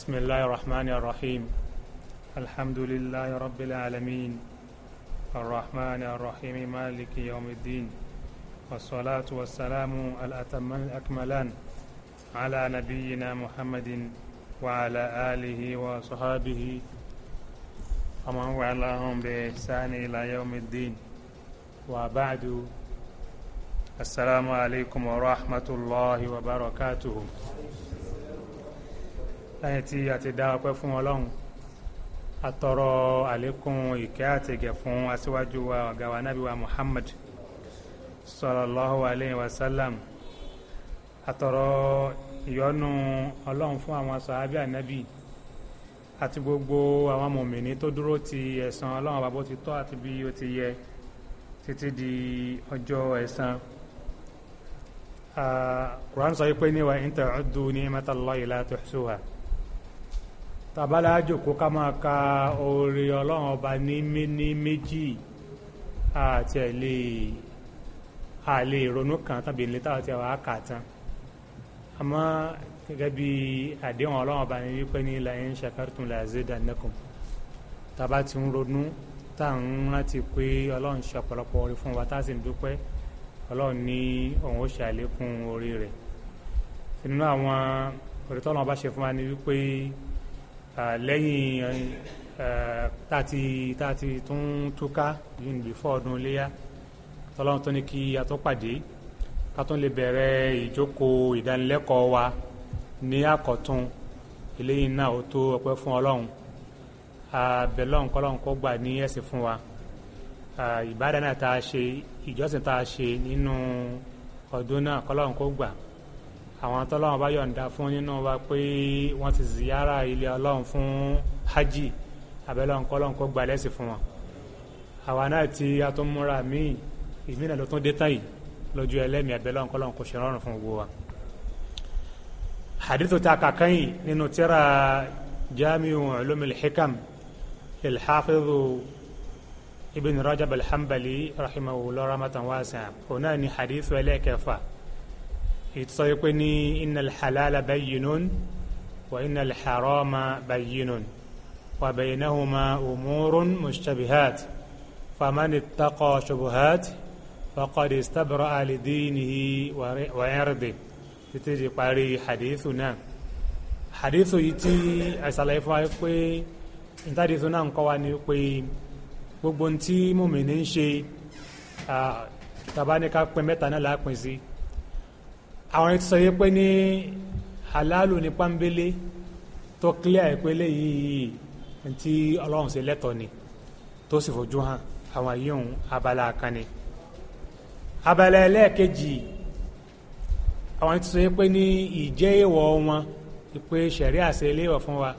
بسم الله الرحمن الرحيم الحمد لله رب العالمين الرحمن الرحيم مالك يوم الدين والصلاة والسلام الأتمان الأكملان على نبينا محمد وعلى آله وصحابه ومن وعلاهم بإحسان إلى يوم الدين وبعد السلام عليكم ورحمة الله وبركاته lẹ́yìn tí a ti dá ọpẹ́ fún ọlọ́run atọrọ àlékún ìkẹ́ àtẹ̀gẹ̀ fún aṣíwájú wa ọ̀gá wa nábì wa Muhammad sallallahu alayhi wa sallam atọrọ ìyọ́nú ọlọ́run fún àwọn sàhábì ànábì àti gbogbo àwọn mòmìnì tó dúró ti ẹ̀san ọlọ́run bàbá ti tọ́ àti bí ó ti yẹ títí di ọjọ́ ẹ̀san Quran sọ wípé ní wa in ta'uddu ni'matallahi la tuhsuha tabala jòkó ká máa ka oore ọlọ́run ọba ní ní méjì àti ẹ̀lẹ́ àlè ìrònú kan tàbí ilé táwọn ti wà á kà tán àmọ́ gẹ́gẹ́ bí àdéhùn ọlọ́run ọba ní wípé ní la in shakartum la azidannakum tàbá ti ń ronú tá à ń rántí pé ọlọ́run ṣe ọ̀pọ̀lọpọ̀ oore fún wa tá a sì ń dúpẹ́ ọlọ́run ní òun ó ṣe àlékún oore rẹ̀ nínú àwọn òrítọ́ ọlọ́run ọba ṣe fún wa ní wípé lẹ́yìn tati tati tún túká yìí níbi fọ́ ọdún iléyà tọ́lọ́run tó ní kí a tó pàdé ká tó lè bẹ̀rẹ̀ ìjókòó ìdánilẹ́kọ̀ọ́ wa ní àkọ́tún eléyìí náà ó tó ọpẹ́ fún ọlọ́run àbẹ̀lọ́run kọ́lọ́run kó gbà ní ẹ̀sìn fún wa ìbádàá náà tá ìjọsìn tá a ṣe nínú ọdún náà kọ́lọ́run kó gbà àwọn tọ́lọ́wọ́n bá yọ̀ǹda fún nínú wa pé wọ́n ti ziyara ilé ọlọ́run fún hajj abẹ́lọ́run kọ́lọ́run kó gbalẹ̀ sí fún wọn. àwa náà ti atúmúra míì ìmínà ló tún dé tán yìí lójú ẹlẹ́mìí abẹ́lọ́run kọ́lọ́run kó ṣe rọrùn fún gbogbo wa. hadith ta kàkán yìí nínú tíra jamiu ulumil hikam ilhafidu ibn rajab alhambali rahimahu lọ́rọ̀ mọ́tàn wá náà ni hadith ẹlẹ́kẹfà ìtọ́ yìí pé ní innal halala bayyinun wa innal harama bayyinun wa baynahuma umurun mushtabihat faman ittaqa shubuhat faqad istabra'a li dinihi wa irdihi títí di parí hadithu náà hadithu yìí tí àṣàlàyé fún wa pé ìtàdìtò náà ń kọ́ wa ni pé gbogbo ohun tí mòmìnir ń ṣe tàbá ní ká pín mẹ́ta náà lápín sí àwọn ti sọ yìí pé ní halalu ní pánbélé tó clear ìpele yìí tí ọlọ́run ṣe lẹ́tọ̀ọ́ ni tó sì fojú hàn àwọn yìí ń abala kan abala ẹlẹ́ẹ̀kejì àwọn ti sọ yìí pé ní ìjẹ́ ìwọ̀ wọn pé ṣẹ̀ríà ṣe léwọ̀ fún wa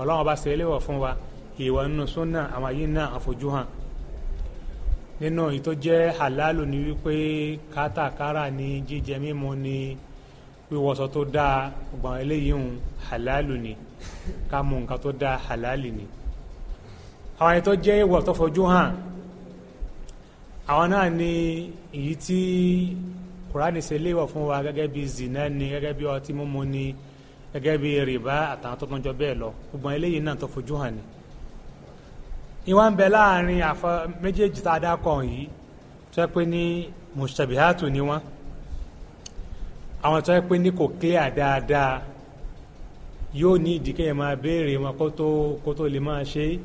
ọlọ́run bá ṣe léwọ̀ fún wa ìwọ̀ nínú súnà àwọn yìí náà àfojú hàn nínú èyí tó jẹ́ halalu ni wípé kátàkárà ni jíjẹ mímu ni wíwọṣọ tó dáa gbọ̀n eléyìí ń halalu ni ká mú nǹkan tó dáa halali ni àwọn èyí tó jẹ́ ìwọ̀ tó fojú hàn àwọn náà ni èyí tí kùránì ṣe léèwọ̀ fún wa gẹ́gẹ́ bí zina ni gẹ́gẹ́ bí ọtí mímu ni gẹ́gẹ́ bí rìbá àtàwọn tó tún jọ bẹ́ẹ̀ lọ gbọ̀n eléyìí náà tó fojú hàn ni ìwà ń bẹ láàrin àfọ méjèèjì tá a dákọ̀ yìí tó yẹ pé ní mustabihatu ni wọ́n àwọn tó yẹ pé ní kò clear dáadáa yóò ní ìdí kéèyàn máa béèrè wọn kó tó kó tó lè máa ṣe é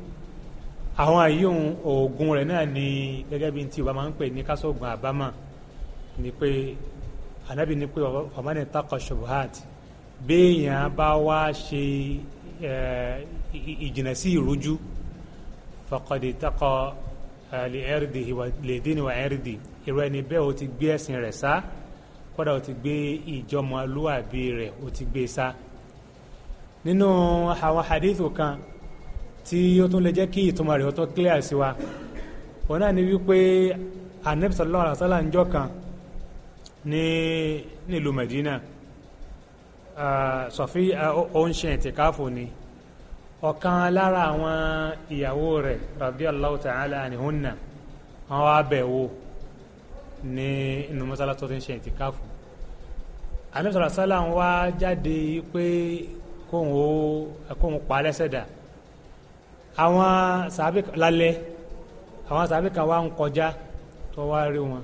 àwọn àyíhùn oògùn rẹ̀ náà ni gẹ́gẹ́ bí ti ìwà máa ń pè ní kásògùn àbámà ni pé ànábì ni pé ọ̀mọ́ni takọ̀ ṣubuhat béèyàn bá wá ṣe ìjìnà sí ìrújú faqad taqa li'irdihi lidini wa irdi irú ẹni bẹ́ẹ̀ o ti gbé ẹ̀sìn rẹ̀ sá kódà o ti gbé ìjọmọlúwàbí rẹ̀ o ti gbé e sá nínú àwọn hadithu kan tí ó tún lè jẹ́ kí ìtumọ̀ rẹ̀ ó tó clear sí wa òun náà ni wípé anabi sallallahu alaihi wasallam ń jọ́ kan ní nílùú Medina ah, sọfí ó ń ṣe ìtìkáfò ni. Uh, ọ̀kan lára àwọn ìyàwó rẹ̀ radiyallahu ta'ala anihunna àwọn abẹ̀wò ní inú mọ́sálá tó ti ń ṣe ìtìkáfù alẹ́sọ̀rọ̀ sálà ń wá jáde pé kóhun pa lẹ́sẹ̀ dà àwọn sàbí lálẹ́ àwọn sàbí kan wá ń kọjá tó wá rí wọn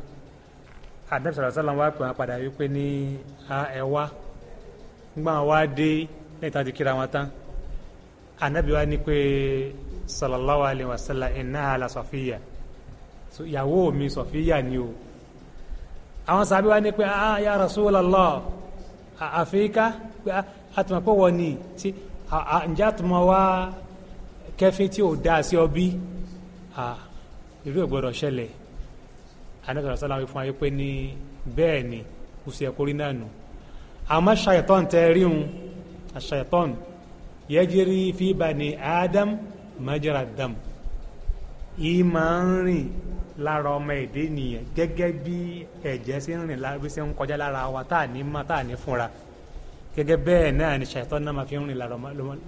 alẹ́sọ̀rọ̀ sálà ń wá pè wọn padà wípé ní ẹ wá nígbà wá dé lẹ́yìn tí ti kíra wọn tán anabi wa ni pé sallallahu alayhi wa sallam innaha la Safiya ìyàwó mi Safiya ni o àwọn sàbí wa ni pé ah, ah ya Rasulallah àfíríkà pé àtùmọ̀ ah, pé wọ́n ni tí ǹjẹ́ àtùmọ̀ wá kẹfín tí ò dáa sí ọbí ìlú ìgbọ́dọ̀ ṣẹlẹ̀ anẹ́sọ̀rọ̀ sálàmù fún ayé pé ní bẹ́ẹ̀ ni kùsì ẹ̀kọ́ rí náà nù àmọ́ ṣàyẹ̀tọ́n tẹ́ ríhun àṣàyẹ̀tọ́n yajiri fi bani adam majara dam ìmọ̀ ń rìn lára ọmọ èdè nìyẹn gẹ́gẹ́ bí ẹ̀jẹ̀ ṣe ń rìn lára bí ṣe ń kọjá lára wa tá à ní mọ̀ tá à ní fúnra gẹ́gẹ́ bẹ́ẹ̀ náà ni ṣàìtọ́ náà máa fi ń rìn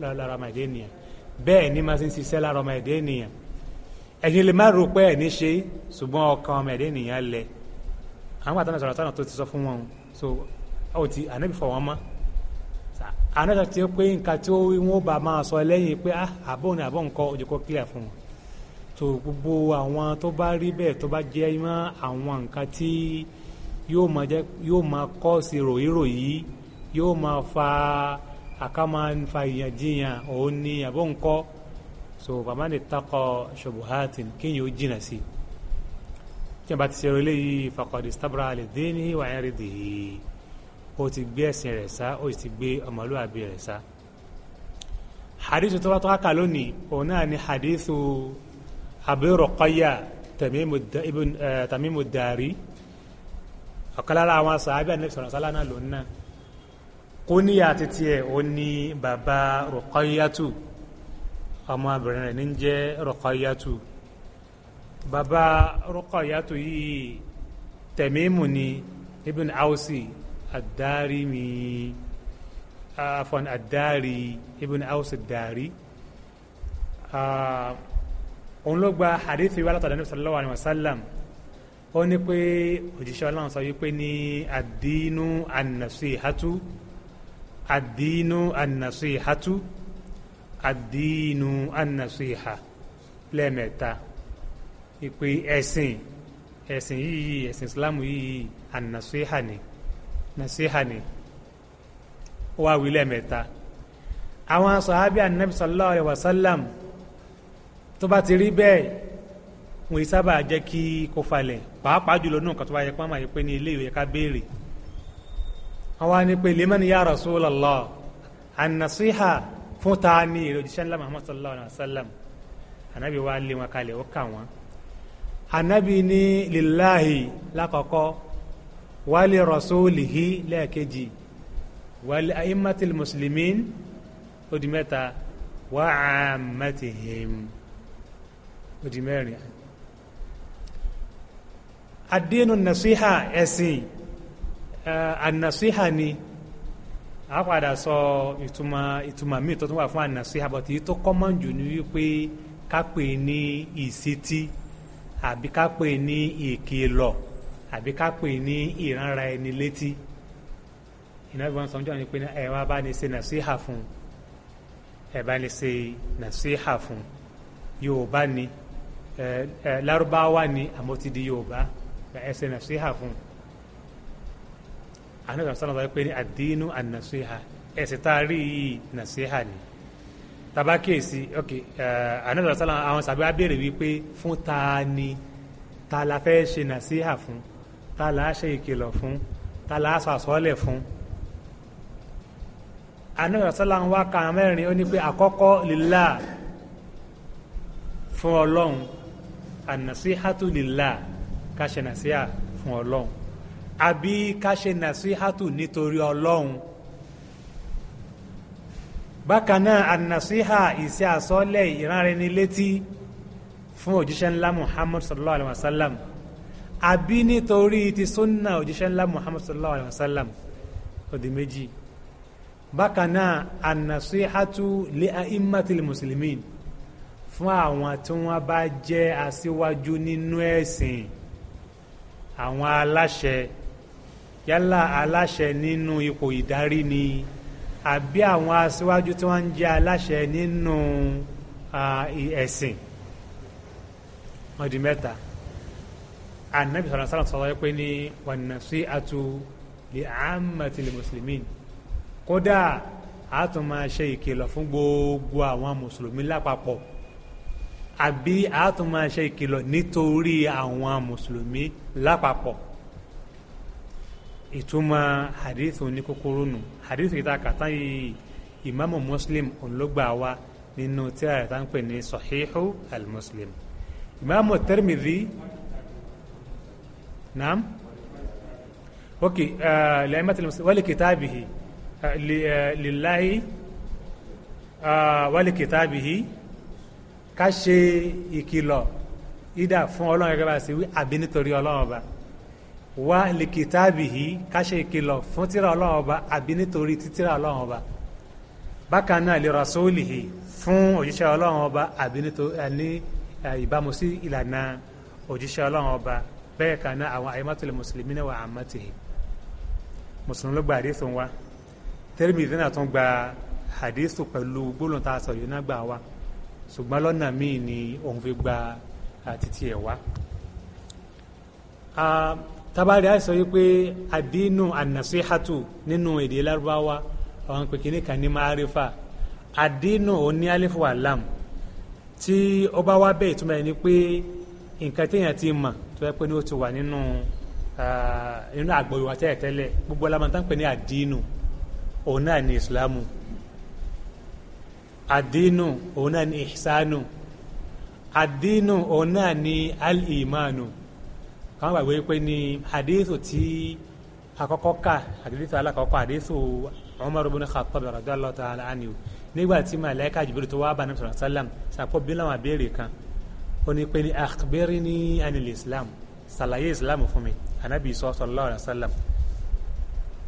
lára ọmọ èdè nìyẹn bẹ́ẹ̀ ni máa ṣe ń ṣiṣẹ́ lára ọmọ èdè nìyẹn ẹ̀yin lè má rò pé ẹ̀ ní ṣe ṣùgbọ́n ọkàn ọmọ èdè nìyẹn lẹ̀ àwọn àtàwọn sọ̀rọ̀ sọ̀rọ̀ tó ti sọ fún wọn so ó ti ànábì wọn mọ́ anata ti pé nǹkan tí ó wọ́n bá máa sọ lẹ́yìn pé ah, àbọ̀ ni àbọ̀ nǹkan ojú kó clear fún wọn tó gbogbo àwọn tó bá rí bẹ́ẹ̀ tó bá jẹ́ mọ́ àwọn nǹkan tí yóò máa kọ́ sí ròyìnròyìn yóò máa fa àkàmà fa ìyànjiyàn òun ni àbọ̀ nǹkan so bàbá ní takọ ṣubuhatin kéèyàn ó jìnà sí tí a bá ti ṣe eré léyìí faqad istabra li dinihi wa irdihi ó ti gbé ẹ̀sìn rẹ̀ sá ó sì ti gbé ọmọlúwàbí rẹ̀ sá hadithu tó wá tó kà lónìí òun náà ni hadithu Abi Ruqayya Tamimu Dari ọ̀kan lára àwọn sàábẹ́ àti sọ̀rọ̀ sálá náà lòun náà kó níyà títí ẹ̀ ó ní bàbá Ruqayyatu ọmọbìnrin rẹ̀ ní ń jẹ́ Ruqayyatu bàbá Ruqayyatu yìí Tamimu ni Ibn Awsi الدارمي عفوا الداري ابن أوس الداري òun ló gba hadithi wa látọ̀dọ̀ nípa sallallahu alayhi wa sallam ó ní pé òjíṣẹ́ ọlọ́run sọ wípé ní àdínú ànàṣìhátú àdínú ànàṣìhátú àdínú ànàṣìhà lẹ́ẹ̀mẹ́ta ìpè ẹ̀sìn ẹ̀sìn yìí ẹ̀sìn islam yìí ànàṣìhà ni nasiha ni ó wá wí lẹ́ẹ̀mẹ́ta àwọn sàhábì anabi sallallahu alayhi wa sallam tó bá ti rí bẹ́ẹ̀ wọn yìí sábà jẹ́ kí kó falẹ̀ pàápàá jùlọ náà kàtó bá yẹ pé wọn máa yẹ pé ní ilé ìwé ká béèrè àwọn ni pé liman ya rasulallah an-nasiha fún ta ni ìròjíṣẹ́ ńlá muhammad sallallahu alayhi wa anabi wa lé wọn kalẹ̀ ó kà wọn anabi ní lillahi lákọ̀ọ́kọ́ wali rasulihi lẹ́ẹ̀kejì wali aimatil muslimin ó di mẹ́ta wa ammatihim ó di mẹ́rin adinu nasiha ẹ̀sìn anasiha ni a padà sọ ìtumọ̀ ìtumọ̀ míì tó wà fún anasiha bọ̀tí tó kọ́mọ̀ jù ni wípé ká pè ní ìsítí àbí ká pè ní ìkìlọ̀. E àbí ká pè ní ìránra ẹni létí iná bí wọ́n sọ ni pé ẹ wá bá ní ṣe nàṣíhà fún ẹ bá ní ṣe nàṣíhà fún yorùbá ni ẹ ẹ lárúbáwá ni àmọ́ ti di yorùbá ẹ ṣe nàṣíhà fún àwọn ìgbà sọ́nà sọ pé ní àdínú ànàṣíhà ẹ̀sìn tá a rí yìí nàṣíhà ni tàbá kíyèsí ok àwọn ìgbà sọ́nà àwọn sàbí wa béèrè wípé fún ta ni ta la fẹ́ ṣe nàṣíhà fún ta là á ṣe ìkìlọ̀ fún ta là á sàsọ́lẹ̀ fún. àníwọ̀n sọ́lá ń wá ka mẹ́rin ó ní pé àkọ́kọ́ lílá fún ọlọ́run ànàsíhátù lílá ká ṣe nàsíhà fún ọlọ́run àbí ká ṣe nàsíhátù nítorí ọlọ́run bákan náà ànàsíhà ìṣe àsọ́lẹ̀ ìránrẹni létí fún òjíṣẹ́ ńlá Muhammad sallallahu alayhi wa sallam àbí nítorí ti sunna òjíṣẹ́ ńlá muhammad sallallahu alaihi wasallam sallam òdì méjì bákan náà ànàṣíhátú lé aimmatil muslimin fún àwọn tí wọ́n bá jẹ́ aṣíwájú nínú ẹ̀sìn àwọn aláṣẹ yálà aláṣẹ nínú ipò ìdarí ni àbí àwọn aṣíwájú tí wọ́n ń jẹ́ aláṣẹ nínú ẹ̀sìn wọ́n di mẹ́ta anabi sọ̀rọ̀ sọ̀rọ̀ sọ̀rọ̀ pé ní wan nasi'atu li ammatil muslimin kódà a tún máa ṣe ìkìlọ̀ fún gbogbo àwọn mùsùlùmí lápapọ̀ àbí a tún máa ṣe ìkìlọ̀ nítorí àwọn mùsùlùmí lápapọ̀ ìtumọ̀ hadith oníkókóró nù hadith yìí ta kàtá yìí ìmáàmù muslim ònlógbà wa nínú tí a yà ń pè ní sahihu al ìmáàmù tirmidhi. نعم اوكي آه لأئمة المسلمين ولكتابه لله آه ولكتابه ká ṣe ìkìlọ̀ ìdá fún ọlọ́run gẹ́gẹ́ bá ṣe wí àbí nítorí ọlọ́run ọba wá lìkìtàbì yìí ká ṣe ìkìlọ̀ fún tíra ọlọ́run ọba àbí nítorí títíra ọlọ́run ọba bákan náà lè rọ̀sọ́ọ̀lì yìí fún òjíṣẹ́ ọlọ́run ọba àbí nítorí ìbámu sí ìlànà òjíṣẹ́ ọlọ́run ọba bẹ́ẹ̀ kan náà àwọn àyèmátòlè mùsùlùmí náà wà àmọ́tìhì mùsùlùmí ló gba àdéhùn fún wa Tirmidhi náà tún gba àdéhùn pẹ̀lú gbólóhùn tá a sọ yìí náà gbà wá ṣùgbọ́n lọ́nà míì ni òun fi gba àtìtì ẹ̀ wá. tabari àìsàn yìí pé àdínú ànàṣíhàtù nínú èdè lárúbáwá àwọn pèkínní kan ní márífà àdínú òní alifu alam tí ó bá wá bẹ́ẹ̀ ìtumọ̀ ẹni pé nǹkan téèyàn ti mọ̀ tó yẹ pé ní ó ti wà nínú nínú àgbọ̀yò wa tẹ́lẹ̀tẹ́lẹ̀ gbogbo alamọ̀tán pè ní àdínù òun náà ní ìsìlámù àdínù òun náà ní ìsánù àdínù òun náà ní alìmánu káwọn gbàgbé pé ní àdínsù tí àkọ́kọ́ kà àdínsù alákọ̀ọ́kọ́ àdínsù Umar ibn Khattab radiyallahu ta'ala anhu nígbà tí màláíkà Jibril tó wá bá nàbẹ̀sọ̀rọ̀ sálàm sàkóbí láwọn àbẹ́rẹ̀ kan ó ní pé ní akhbirni anil islam ṣàlàyé islam fún mi anabi sallallahu alaihi wasallam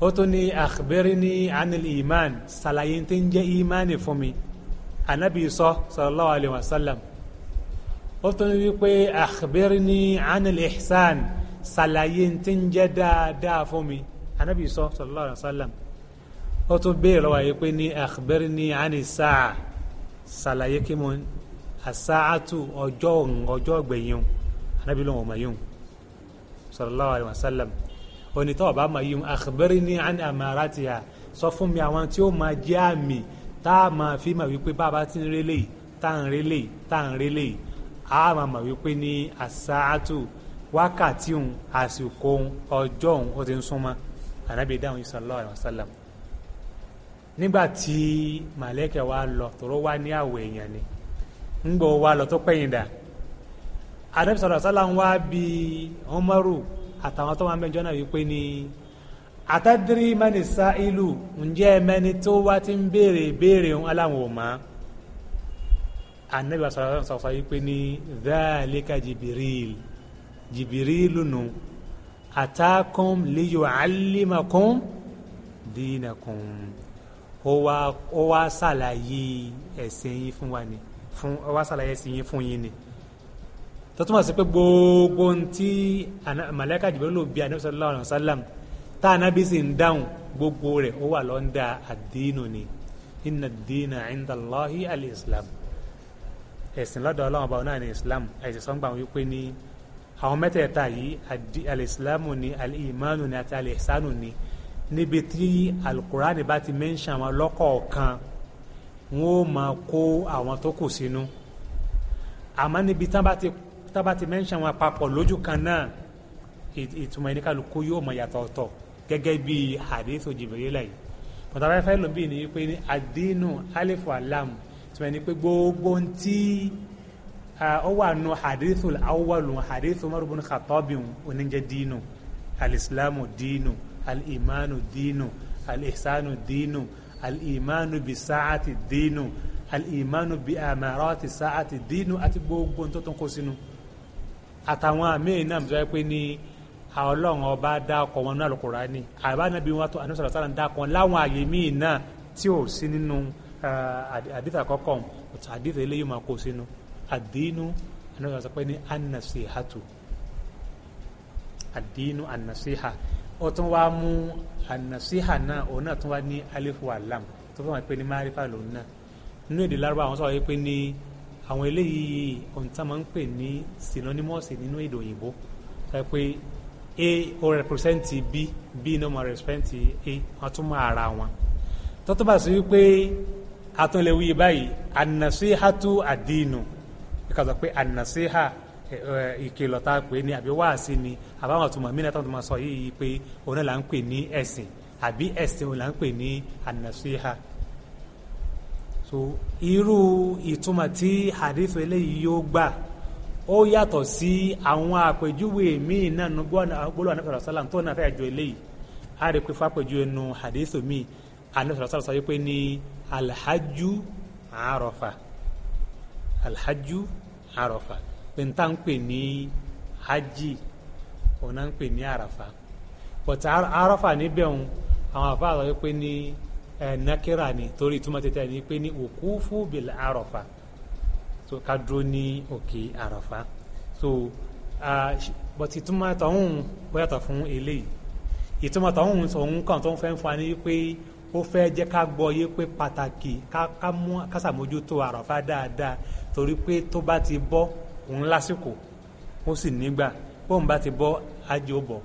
ó tún ní akhbirni anil iman ṣàlàyé tí ń jẹ́ imani fún mi anabi sallallahu alaihi wasallam ó tún ní wípé akhbirni anil ihsan ṣàlàyé tí ń jẹ́ dáadáa fún mi anabi sallallahu alaihi wasallam ó tún béèrè lọ́wọ́ yìí pé ní akhbirni anis sa'a ṣàlàyé kí mo asaatu ọjọ́ ọjọ́ gbẹ̀yìn anabi ló ń wọ̀mọ̀ yìí sallallahu alayhi wa sallam onítọ̀ ọba ma yìí akhbirni an amaratiha sọ fún mi àwọn tí ó máa jẹ́ àmì tá a máa fi mà wípé bàbá ti ń relé yìí tá à ń relé yìí tá à ń relé yìí a máa mà wípé ní asaatu wákàtí òun àsìkò òun ọjọ́ òun ó ti ń súnmọ́ anabi dáhùn sallallahu alayhi wa sallam nígbà tí wa lọ tòró wá ní àwọ̀ èèyàn ńgbò wa lọ tó pẹ́yìn dà sọrọ sọ̀rọ̀ ń wá bí ọmọrù àtàwọn tó ni Atadiri mẹ́ni sá ìlú ǹjẹ́ mẹ́ni tó wá ti ń béèrè béèrè ń aláwọ̀ mọ́ ànábì sọ̀rọ̀ ni dhalika jìbìrìl jìbìrìlù nù àtàkùn liyu ó wá fún fún wá sàlàyé sí yín fún yín ni tó túmọ̀ sí pé gbogbo ntí màláíkà Jibrilu bí Ànábì sallallahu alaihi sallam tá Ànábì sì ń dáhùn gbogbo rẹ̀ ó wà lọ́ndà àdínù ni inna ad-dina 'inda al-Islam ẹ̀sìn lọ́dọ̀ ọlọ́run ọba náà ní islam ẹ̀sìn sọ́ngbà wípé ní àwọn mẹ́tẹ̀ẹ̀ta yìí islam ni alìmánu ni àti alìsánù ni níbi tí alukurani bá ti mẹ́ńṣà wọn lọ́kọ̀ọ̀kan wọn ó máa kó àwọn tó kù sínú àmọ́ níbi tán bá ti tán bá ti mẹ́ńṣẹ̀ wọn papọ̀ lójú kan náà ìtumọ̀ ẹni kálukú yóò mọ yàtọ̀ ọ̀tọ̀ gẹ́gẹ́ bí hadithu Jibrila yìí pọ̀tàfẹ́fẹ́ ló bí ní pé ní alifu alam tí wọ́n ní pé gbogbo ń tí ó wà nù hadithu awwalu hadithu Umar ibn Khattabi oníjẹ dínú alislamu dínú alimanu dínú alihsanu dínú alìmánu bi sáàtì dínú alìmánu bi àmàràtì sáàtì dínú àti gbogbo tó tó ń kó sínú àtàwọn àmì náà sọ pé ní ọlọ́run ọba dákọ̀ wọn ní Al-Kùránì àbánabi wọn tó anúṣọ̀rọ̀ sáà dákọ̀ láwọn àyè míì náà tí ò sí nínú àdìtà kọ́kọ́ àdìtà eléyìí máa kó sínú àdínú anúṣọ̀rọ̀ sọ pé ní ànàṣe hàtù àdínú ànàṣe hàtù ó tún wá mú ànàsíhà náà òun náà tún wá ní alifu alam tó fẹ́ wọn pé ní márífà lòun náà nínú èdè lárúbá àwọn sọ̀rọ̀ yìí pé ní àwọn eléyìí ohun tá a máa ń pè ní synonymous nínú èdè òyìnbó tó yẹ pé a ó represent b b náà máa represent a wọn tún máa ara wọn tọ́tọ́ bá sí wípé atúnlẹ̀wí báyìí ànàsíhà tó àdínù ìkàtọ̀ pé ànàsíhà ìkìlọ̀ tá a pè ní àbí wáàsí ni àbáwọn ọ̀túnmọ̀ mí náà tó máa sọ yìí pé òun náà là ń pè ní ẹ̀sìn àbí ẹ̀sìn òun là ń pè ní ànàsíhà so irú ìtumọ̀ tí hadith eléyìí yóò gbà ó yàtọ̀ sí àwọn àpèjúwe míì náà nu gbọ́dọ̀ anáfẹ́ sọ́lá tó náà fẹ́ jọ eléyìí a rí pé fápèjúwe nu hadith míì anáfẹ́ sọ́lá sọ wípé ní alhaju arọfa alhaju arọfa pé n ta ń pè ní hajj òun náà ń pè ní àràfà but àràfà níbẹ̀ òun àwọn àfa àlọ́ pé ní nàkírà ni torí ìtumọ̀ tẹ́tẹ́ ni pé ní òkúfù bìlà àràfà so ká dúró ní òkè àràfà so but ìtumọ̀ tọ̀hún wẹ́yàtọ̀ fún eléyìí ìtumọ̀ tọ̀hún tọ̀hún kan tó ń fẹ́ ń fa ni pé ó fẹ́ jẹ́ ká gbọ́ yé pé pàtàkì ká ká mú ká àràfà dáadáa torí pé tó bá ti bọ́ òun lásìkò ó sì nígbà bóun bá ti bọ́ ajé ó bọ̀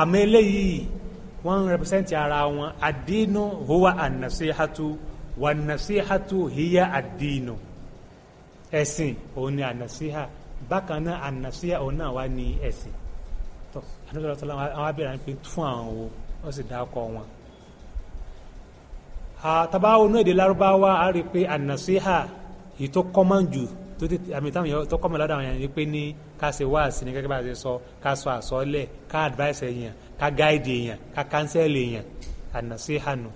àmọ́ eléyìí wọ́n ń rẹpẹsẹ́ntì ara wọn àdínú huwa ànàṣíhàtú wà ànàṣíhàtú híyà àdínú ẹ̀sìn òun ni ànàṣíhà bákan náà ànàṣíhà òun náà wá ní ẹ̀sìn tó àdúgbò tó láwọn àwọn abẹ́rẹ́ pé fún àwọn wo wọ́n sì dákọ̀ wọn. àtàbáwo náà èdè lárúbáwá á rí i pé ànàṣíhà yìí tó kọ́ máa ń jù tó tètè àmì táwọn èèyàn tó kọ́mọ̀ lọ́dọ̀ àwọn èèyàn ni pé ní ká ṣe wáàsí ní gẹ́gẹ́ bá ṣe sọ ká sọ àsọlẹ̀ ká advice èèyàn ká guide èèyàn ká cancel èèyàn ànàsí hànú.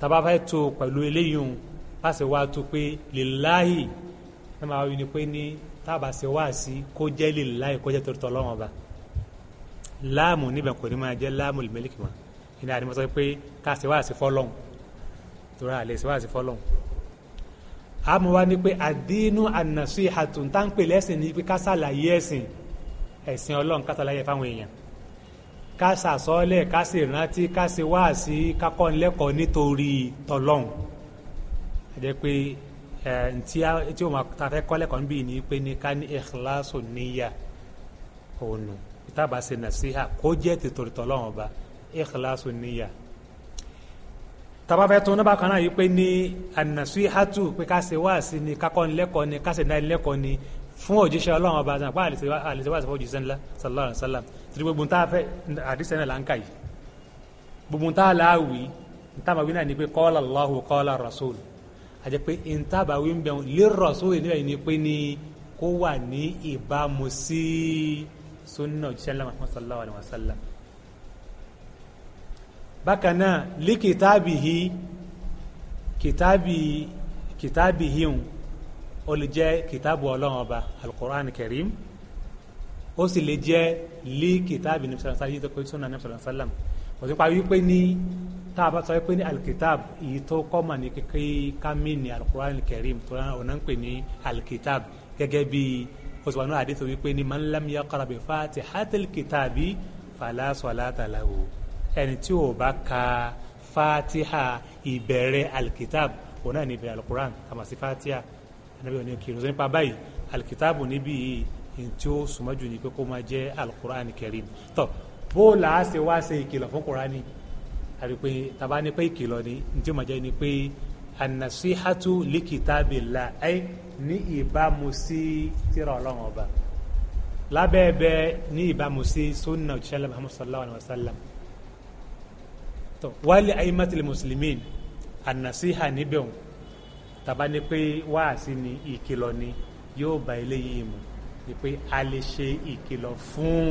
tàbá fẹ́ tó pẹ̀lú eléyìí bá ṣe wá tó pé lèláì ẹ máa wí ni pé ní tábà ṣe wáàsí kó jẹ́ lèláì kó jẹ́ torí tọ́lọ́wọ́n ba láàmù níbẹ̀ kò ní máa jẹ́ láàmù lèmẹ́lìkì mọ́ ìnáyà ni mo sọ pé ká ṣe wáàsí fọ́lọ́hún torí àmọ́ wá ní pé àdínú ànàsú ìhàtún tá ń pè lẹ́sìn ní pé ká ṣàlàyé ẹ̀sìn ẹ̀sìn ọlọ́run ká ṣàlàyé fáwọn èèyàn ká ṣàsọ́ọ́lẹ̀ ká sì rántí ká sì wá sí kákọ́ ńlẹ́kọ̀ọ́ nítorí tọlọ́hun àjẹ́ pé ntí tí o máa ta fẹ́ kọ́ lẹ́kọ̀ọ́ níbí ni pé ní ká ní ìkìláṣù níyà òun nù ìtàbà ṣe nàṣíhà kó jẹ́ tìtòrìtọ̀ ọlọ́run ọba ìkìláṣù níyà tabafẹ́ tó náà bákan náà yìí pé ní ànàsíhátù pé ká ṣe wáàsí ni ká kọ́ni lẹ́kọ̀ọ́ ni ká ṣe dání lẹ́kọ̀ọ́ ni fún òjíṣẹ́ ọlọ́run ọba àti àlèṣe wáàsí fún òjíṣẹ́ ńlá sallallahu alaihi wasallam tìrí gbogbo nta fẹ́ àdìsẹ́ náà là ń yìí gbogbo nta láàwì nta màwí náà ni pé qala Allahu qala rasul àti pé nta bàwí ń bẹ̀rù rasul níbẹ̀ ni pé ni kó wà ní ìbámu sí sunna òjíṣẹ́ ńlá bákan náà lé kìtàbìhì kìtàbì kìtàbìhì ń ó lè jẹ́ kìtàbù ọlọ́run ọba alukur'an karim ó sì lè jẹ́ lé kìtàbì ní sàlám sáyé tó sọ̀nà ní sàlám kò sí pa wípé ní tá a bá sọ wípé ní alikitab èyí tó kọ́ mà ní kékeré kámi ní alukur'an karim tó náà ọ̀nà ń pè ní alikitab gẹ́gẹ́ bí osùwànú àdìsọ wípé ní man lam yaqra bi fatihatil kìtàbì fala salata ẹni tí ò bá ka fatiha ìbẹ̀rẹ̀ alkitab òun náà ní ìbẹ̀rẹ̀ alukuran kàmá sí fatiha anabi òní kiri ọ̀sán nípa báyìí alkitab níbí yìí tí ó sùnmọ́jú ni pé kó máa jẹ́ alukuran karim tó bó làá ṣe wá ṣe ìkìlọ̀ fún kurani àti taba ni pé ìkìlọ̀ ni ntí ó máa jẹ́ ni pé anasihatu likitabillah ẹ́ ní ìbámu sí tírà ọlọ́run ọba lábẹ́ ní ìbámu sí sunna òjíṣẹ́ lẹ́mọ̀ sallallahu alaihi wasallam tó wálé ayimátìlì mùsùlùmí ànàsíhà níbẹ̀ wọn tàbá ni pé ni ìkìlọ̀ ni yóò bá eléyìí mu ni pé a lè ṣe ìkìlọ̀ fún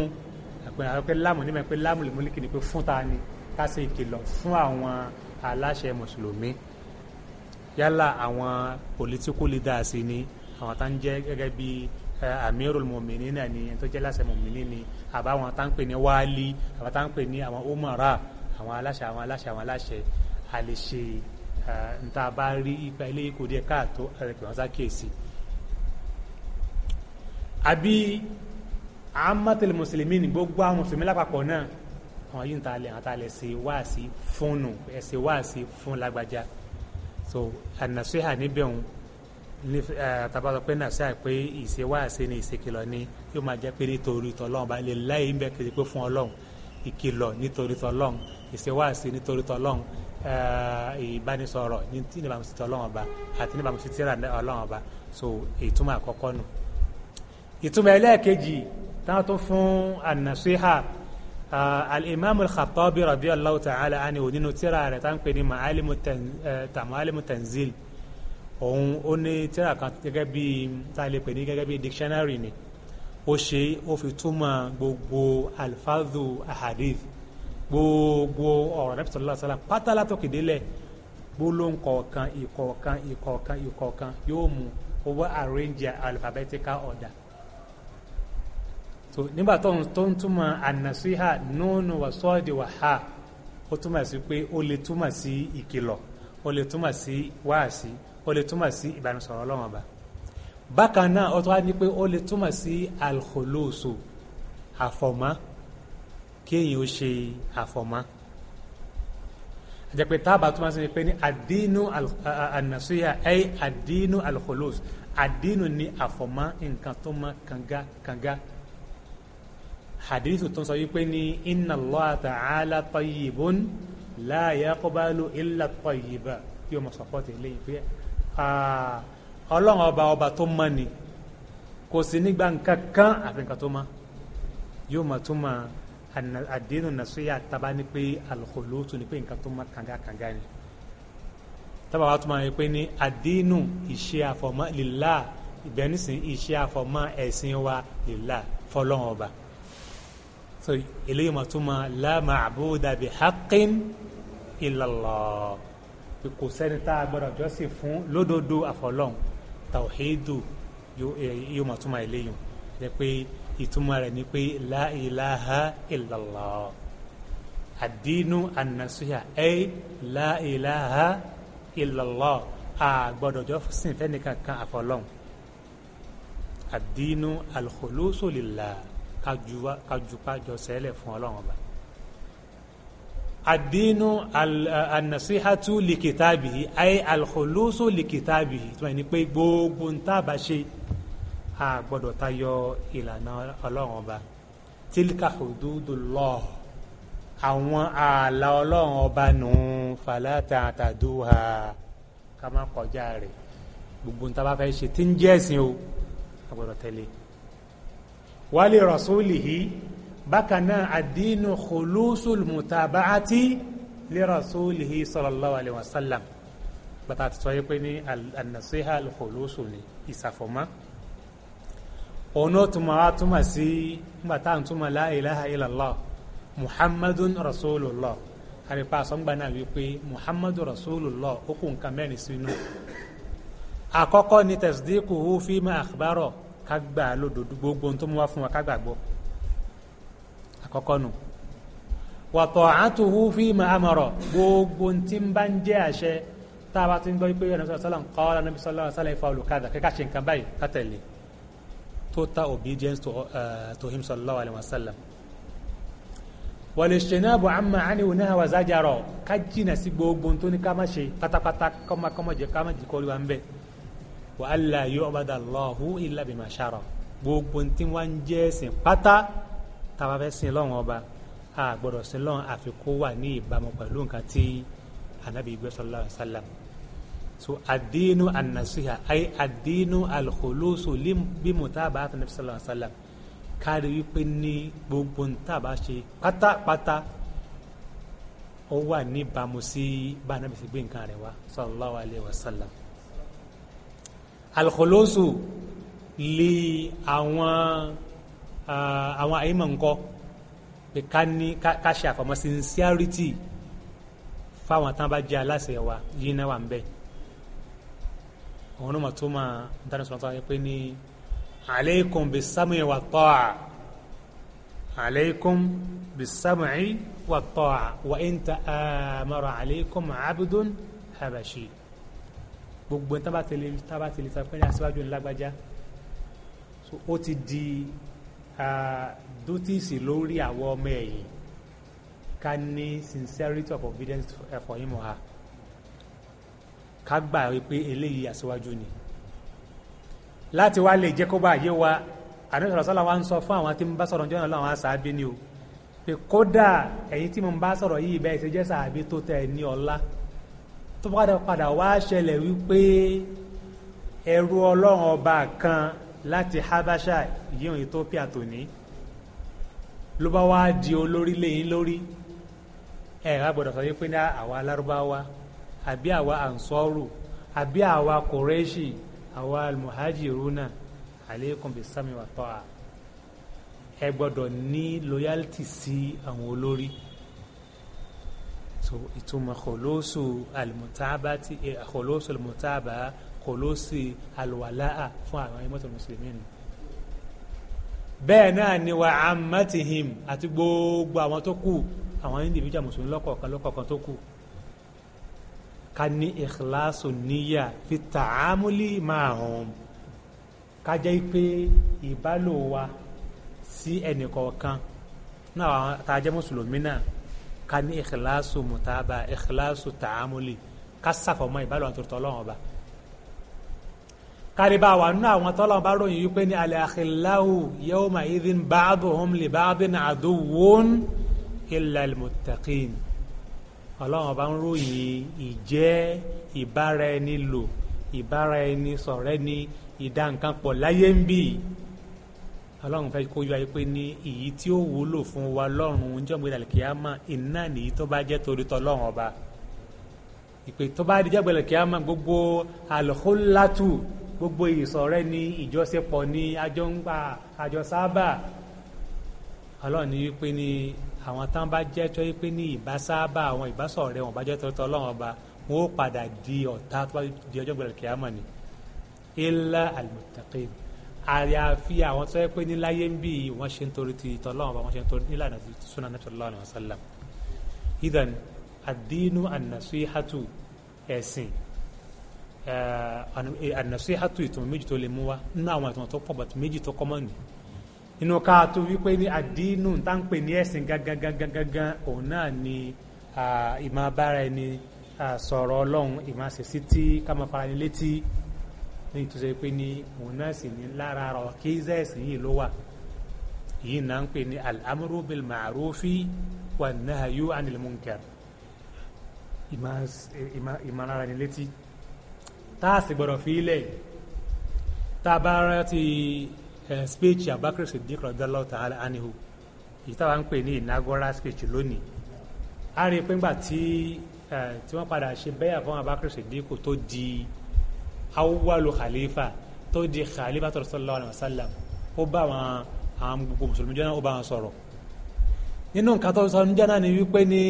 ni àwọn pé láàmù níbẹ̀ pé láàmù lèmúlìkì ni pé fún ta ni ká ṣe ìkìlọ̀ fún àwọn aláṣẹ mùsùlùmí yálà àwọn political leaders ni àwọn tá ń jẹ́ gẹ́gẹ́ bíi amirul mọ̀mìnì ni ẹni tó jẹ́ láṣẹ mọ̀mìnì ni àbáwọn tá ń pè ní wáálí àbá tá ń pè umara àwọn aláṣẹ àwọn aláṣẹ àwọn aláṣẹ a lè ṣe nta bá rí ipa ilé ikú díẹ̀ káàtó ẹ̀rẹ̀kẹ̀ wọn sákèsì. àbí amatul mùsùlùmí ni gbogbo àwọn mùsùlùmí lápapọ̀ náà àwọn yìí ń ta lẹ̀ àwọn ta lẹ̀ ṣe wáàsí fún nù ẹ̀ṣẹ̀ wáàsí fún lágbájá so ànàṣẹ́hà níbẹ̀ òun ní tabatọ pé nàṣẹ́hà pé ìṣe wáàsí ni ìṣèkìlọ̀ ni yóò máa jẹ́ pé nítorí tọ́lọ́run bá lè láyé ń bẹ́ kiri pé fún ọlọ́run ìkìlọ̀ nítorí tọ́lọ́run ìṣèwáàsí nítorí tọlọ́run eh, ìbánisọ̀rọ̀ ní tí níbàámu sí tọlọ́run ọba àti níbàámu sí tíra ọlọ́run ọba so ìtumọ̀ àkọ́kọ́ nù. ìtumọ̀ ẹlẹ́ẹ̀kejì táwọn tó fún ànàṣíhà eh, al-imam al-khattabi radiyallahu ta'ala ani o nínú tíra rẹ̀ tá n pè ní ma'alimu eh, tanzil òun ó ní tíra kan gẹ́gẹ́ bí tá a lè pè ní gẹ́gẹ́ bí dictionary ni ó ṣe ó fi túmọ̀ gbogbo alfadhu ahadith gbogbo ọ̀rọ̀ rẹ̀ sọ̀rọ̀ lọ́sọ̀rọ̀ pátá látòkè délẹ̀ gbólóhùn kọ̀ọ̀kan ìkọ̀ọ̀kan ìkọ̀ọ̀kan ìkọ̀ọ̀kan yóò mú owó arrange alphabetical order so nígbà tó ń tó ń túmọ̀ ànàsíhà nùnù wà sọ́ọ̀dì wà ha ó túmọ̀ sí pé ó lè túmọ̀ sí ìkìlọ̀ ó lè túmọ̀ sí wáàsí ó lè túmọ̀ sí ìbánisọ̀rọ̀ ọlọ́wọ́n ba bákan náà ó tún wá ní pé ó lè túmọ̀ sí alkholoso àfọ̀mọ́ kéèyàn ó ṣe àfọ̀mọ́ àjẹpẹ tábà tó máa ń sọ pé ní àdínú ànàsúyà ẹ àdínú alkholos àdínú ni àfọ̀mọ́ nǹkan tó mọ́ kanga kanga hadithu tó ń sọ wípé ní inna Allah ta'ala tayyibun la yaqbalu illa tayyiba yóò mọ̀ sọ́pọ́tì lẹ́yìn pé ọlọ́run ọba ọba tó mọ́ ni kò sí nígbà nǹkan kan àfi nǹkan tó mọ́ yóò mọ̀ tó mọ́ àdínù nàṣúyà taba ni pé alkhulutu ni pé nǹkan tó má kànga kànga ni tábà wàá túmọ̀ pé ní àdínù ìṣe àfọ̀mọ́ lillah ìbẹ́nisìn ìṣe àfọ̀mọ́ ẹ̀sìn wa lillah fọlọ́hún ọba so eléyìí máa túmọ̀ la ma'buda bi haqqin illallah kò sẹ́ni tá a gbọ́dọ̀ jọ́sìn fún lódodo àfọlọ́hún tawhidu yóò eh, máa túmọ̀ eléyìí jẹ́ pé ìtumọ̀ rẹ̀ ni pé la ilaha illallah àdínú ànàsúyà ẹ́ la ilaha illallah àgbọ̀dọ̀jọ́ sìn fẹ́nìkan kan àfọlọ́hún àdínú alkhulusu lillah kajupajọ sẹ́lẹ̀ fún ọlọ́run ọba àdínú ànàsíhàtú likitabihi ayé alkhulusu likitabihi tí wọ́n pé gbogbo ń ṣe a gbọ́dọ̀ tayọ ìlànà ọlọ́run ọba tílíkà hududullah àwọn ààlà ọlọ́run ọba nù fàlàtà àtàdúhà ká má kọjá rẹ̀ gbogbo níta bá fẹ́ ṣe tí ń jẹ́ ẹ̀sìn o a gbọ́dọ̀ tẹ̀lé wálé rasulihi bákan náà àdínú khulusul mutaba'ati li rasulihi sallallahu alayhi wa sallam bàtà àti yẹ pé ní an-nasiha ìsàfọ̀mọ́ òun náà túmọ̀ á túmọ̀ sí nígbà tá à ń túmọ̀ la ilaha illallah muhammadun rasulullah àrípa àsọ̀ngbà náà wípé muhammadun rasulullah ó kó nǹkan mẹ́rin sínú àkọ́kọ́ ni tasdiquhu fima akhbaro ká gbà lódodo gbogbo tó mú wá fún wa ká gbàgbọ́ àkọ́kọ́ nù wa ta'atuhu fima gbogbo tí ń bá ń jẹ́ àṣẹ tá a bá ti ń gbọ́ pé ẹ̀rọ sọ̀rọ̀ sọ́lá ń kọ́ ọ́ lọ́nà bí sọ́lá sọ́lá ìfọ̀ olùkadà kíkà ṣe nǹkan total obedience to, uh, to him sallallahu alaihi wasallam wàlẹ̀ṣẹ̀nàbọ̀ àmà àníwò náà wà zájàrọ̀ kajina jìnà sí gbogbo tó ní ká kama ṣe pátápátá kọ́mọkọ́mọjẹ ká má jì kọ́ lóra ń bẹ̀ wà á là yóò ọ̀bàdà illa bima shara gbogbo tí wọ́n ń jẹ́ sìn pátá táwa fẹ́ sin lọ́wọ́n ọba a gbọ́dọ̀ sin lọ́wọ́n àfikún wà ní ìbámu pẹ̀lú nǹkan tí anabi gbé sallallahu alaihi wasallam so adinu annasiha ay adinu alkhulusu bi mutaba'ati nabi sallallahu alaihi wasallam kárí wípé ní gbogbo nta bá ṣe pátápátá ó wà níbàámu sí bá anábì sí gbé nǹkan rẹ̀ wá sallallahu alaihi wasallam alkhulusu lè àwọn àwọn àyímọ̀ nǹkan pé ká ní ká ṣe àfọmọ́ sincerity fáwọn tán bá jẹ́ aláṣẹ wa yìí náà wà ń àwọn onímọ̀ tó máa ń tánà sọ̀rọ̀ sọ̀rọ̀ pé ní aleikum bi sami wa ta'a aleikum bi sami wa ta'a wa inta amara aleikum abdun habashi gbogbo tábà tẹ̀lé tábà tẹ̀lé sọ pé ní aṣáájú ńlágbájá ó ti di dótìsì lórí àwọn ọmọ ẹ̀yìn ká ní sincerity of obedience for him or her ká gbà wípé eléyìí aṣíwájú ni láti wá lè jẹ́ kó bá yé wa àdéhùn sọ́lá wa ń sọ fún àwọn tí ń bá sọ̀rọ̀ jọ́nà lọ́wọ́ àwọn sàábé ni o pé kódà ẹ̀yin tí mo ń bá sọ̀rọ̀ yìí bẹ́ẹ̀ ṣe jẹ́ sàábé tó tẹ̀ ní ọlá tó padà padà wá ṣẹlẹ̀ wípé ẹrú ọlọ́run ọba kan láti Habasha yíyan Ethiopia tòní ló bá wá di olórí lẹ́yìn lórí ẹ̀ wá gbọ́dọ̀ sọ wípé ní àwa alárúbáwá àbí àwa ansọ́rù àbí àwa kòrẹ́ṣì àwa almuhajiruna aleikum bisami wa tọ́a ẹ gbọ́dọ̀ ní loyalty sí àwọn olórí so ìtumọ̀ kòlóṣù almutabati eh, kòlóṣù almutaba kòlóṣì alwala'a fún àwọn ẹmọ́tò mùsùlùmí nù bẹ́ẹ̀ náà ni wa amatihim àti gbogbo àwọn tó kù àwọn individual mùsùlùmí lọ́kọ̀ọ̀kan lọ́kọ̀ọ̀kan tó kù ká ní ìkìláṣù níyà fi tààmúlì máa hàn ká jẹ́ pé ìbálò wa sí ẹnìkọ̀ọ̀kan náà tá a jẹ́ mùsùlùmí náà ká ní ìkìláṣù mùtábà ìkìláṣù tààmúlì ká sàfọ̀mọ́ ìbálò àti tòótọ́ ọlọ́run ọba kárí bá wà nínú àwọn tọ́lọ́run bá ròyìn wípé ní al-akhillau yawma idhin ba'duhum li ba'din aduwwun illa al-muttaqin ọlọ́run ọba ń ròyìn ìjẹ́ ìbára ẹni lò ìbára ẹni sọ̀rẹ́ ni ìdá nǹkan pọ̀ láyé ń bì ọlọ́run fẹ́ kó yọ ayé pé ní èyí tí ó wúlò fún wa lọ́run oúnjẹ ògbé ìdàlẹ̀ kíámà iná nìyí tó bá jẹ́ torí tọ́lọ́run ọba ìpè tó bá dijẹ́ gbẹ̀lẹ̀ kíámà gbogbo alholatu gbogbo ìsọ̀rẹ́ ni ìjọsepọ̀ ni àjọ ń gbà àjọ sábà ọlọ́run ní wípé ní àwọn tán bá jẹ́ tó yẹ pé ní ìbásáábà àwọn ìbásọ̀rẹ́ wọn bá jẹ́ tọ́tọ́ ọlọ́run ọba wọn ó padà di ọ̀tá tó bá di ọjọ́ gbẹ̀rẹ̀ kíámà ni illa al-muttaqin àyàfi àwọn tó yẹ pé ní láyé ń bì wọ́n ṣe ń torí ti tọ́lọ́run ọba wọ́n ṣe ń torí nílànà ti sunnah Nabi sallallahu alaihi wasallam idan ad-dinu an-nasihatu ìtumọ̀ méjì tó lè mú wa nínú àwọn ìtumọ̀ tó pọ̀ bàtú méjì tó kọ́mọ́ nìyí inú ká tó wípé ní àdínú tá ń pè ní ẹ̀sìn gangan gangan gangan òun náà ni ìmọ̀ bára ẹni sọ̀rọ̀ ọlọ́run ìmọ̀ àṣẹ̀sí tí ká máa fara ní létí ní ìtúsọ pé ní òun náà sì ní lára rọ kí zẹ́ẹ̀sì yìí ló wà yìí náà ń pè ní al bil ma'rufi wan nahyu anil munkar ìmọ̀ ara ẹni létí tá a sì gbọ́dọ̀ fi ilẹ̀ tá a bá rántí. Eh, speech abakar siddiq radallahu ta'ala anihu èyí táwa ń pè ní inaugural speech lónìí a rí i pé ńgbà tí eh, tí wọ́n padà ṣe bẹ́yà fún abakar siddiq tó di awwalu khalifa tó di khalifa tó sallallahu alaihi wasallam ó bá àwọn àwọn gbogbo mùsùlùmí jọ́nà ó bá wọn sọ̀rọ̀ nínú nǹkan tó sọ ní jọ́nà ni wípé ní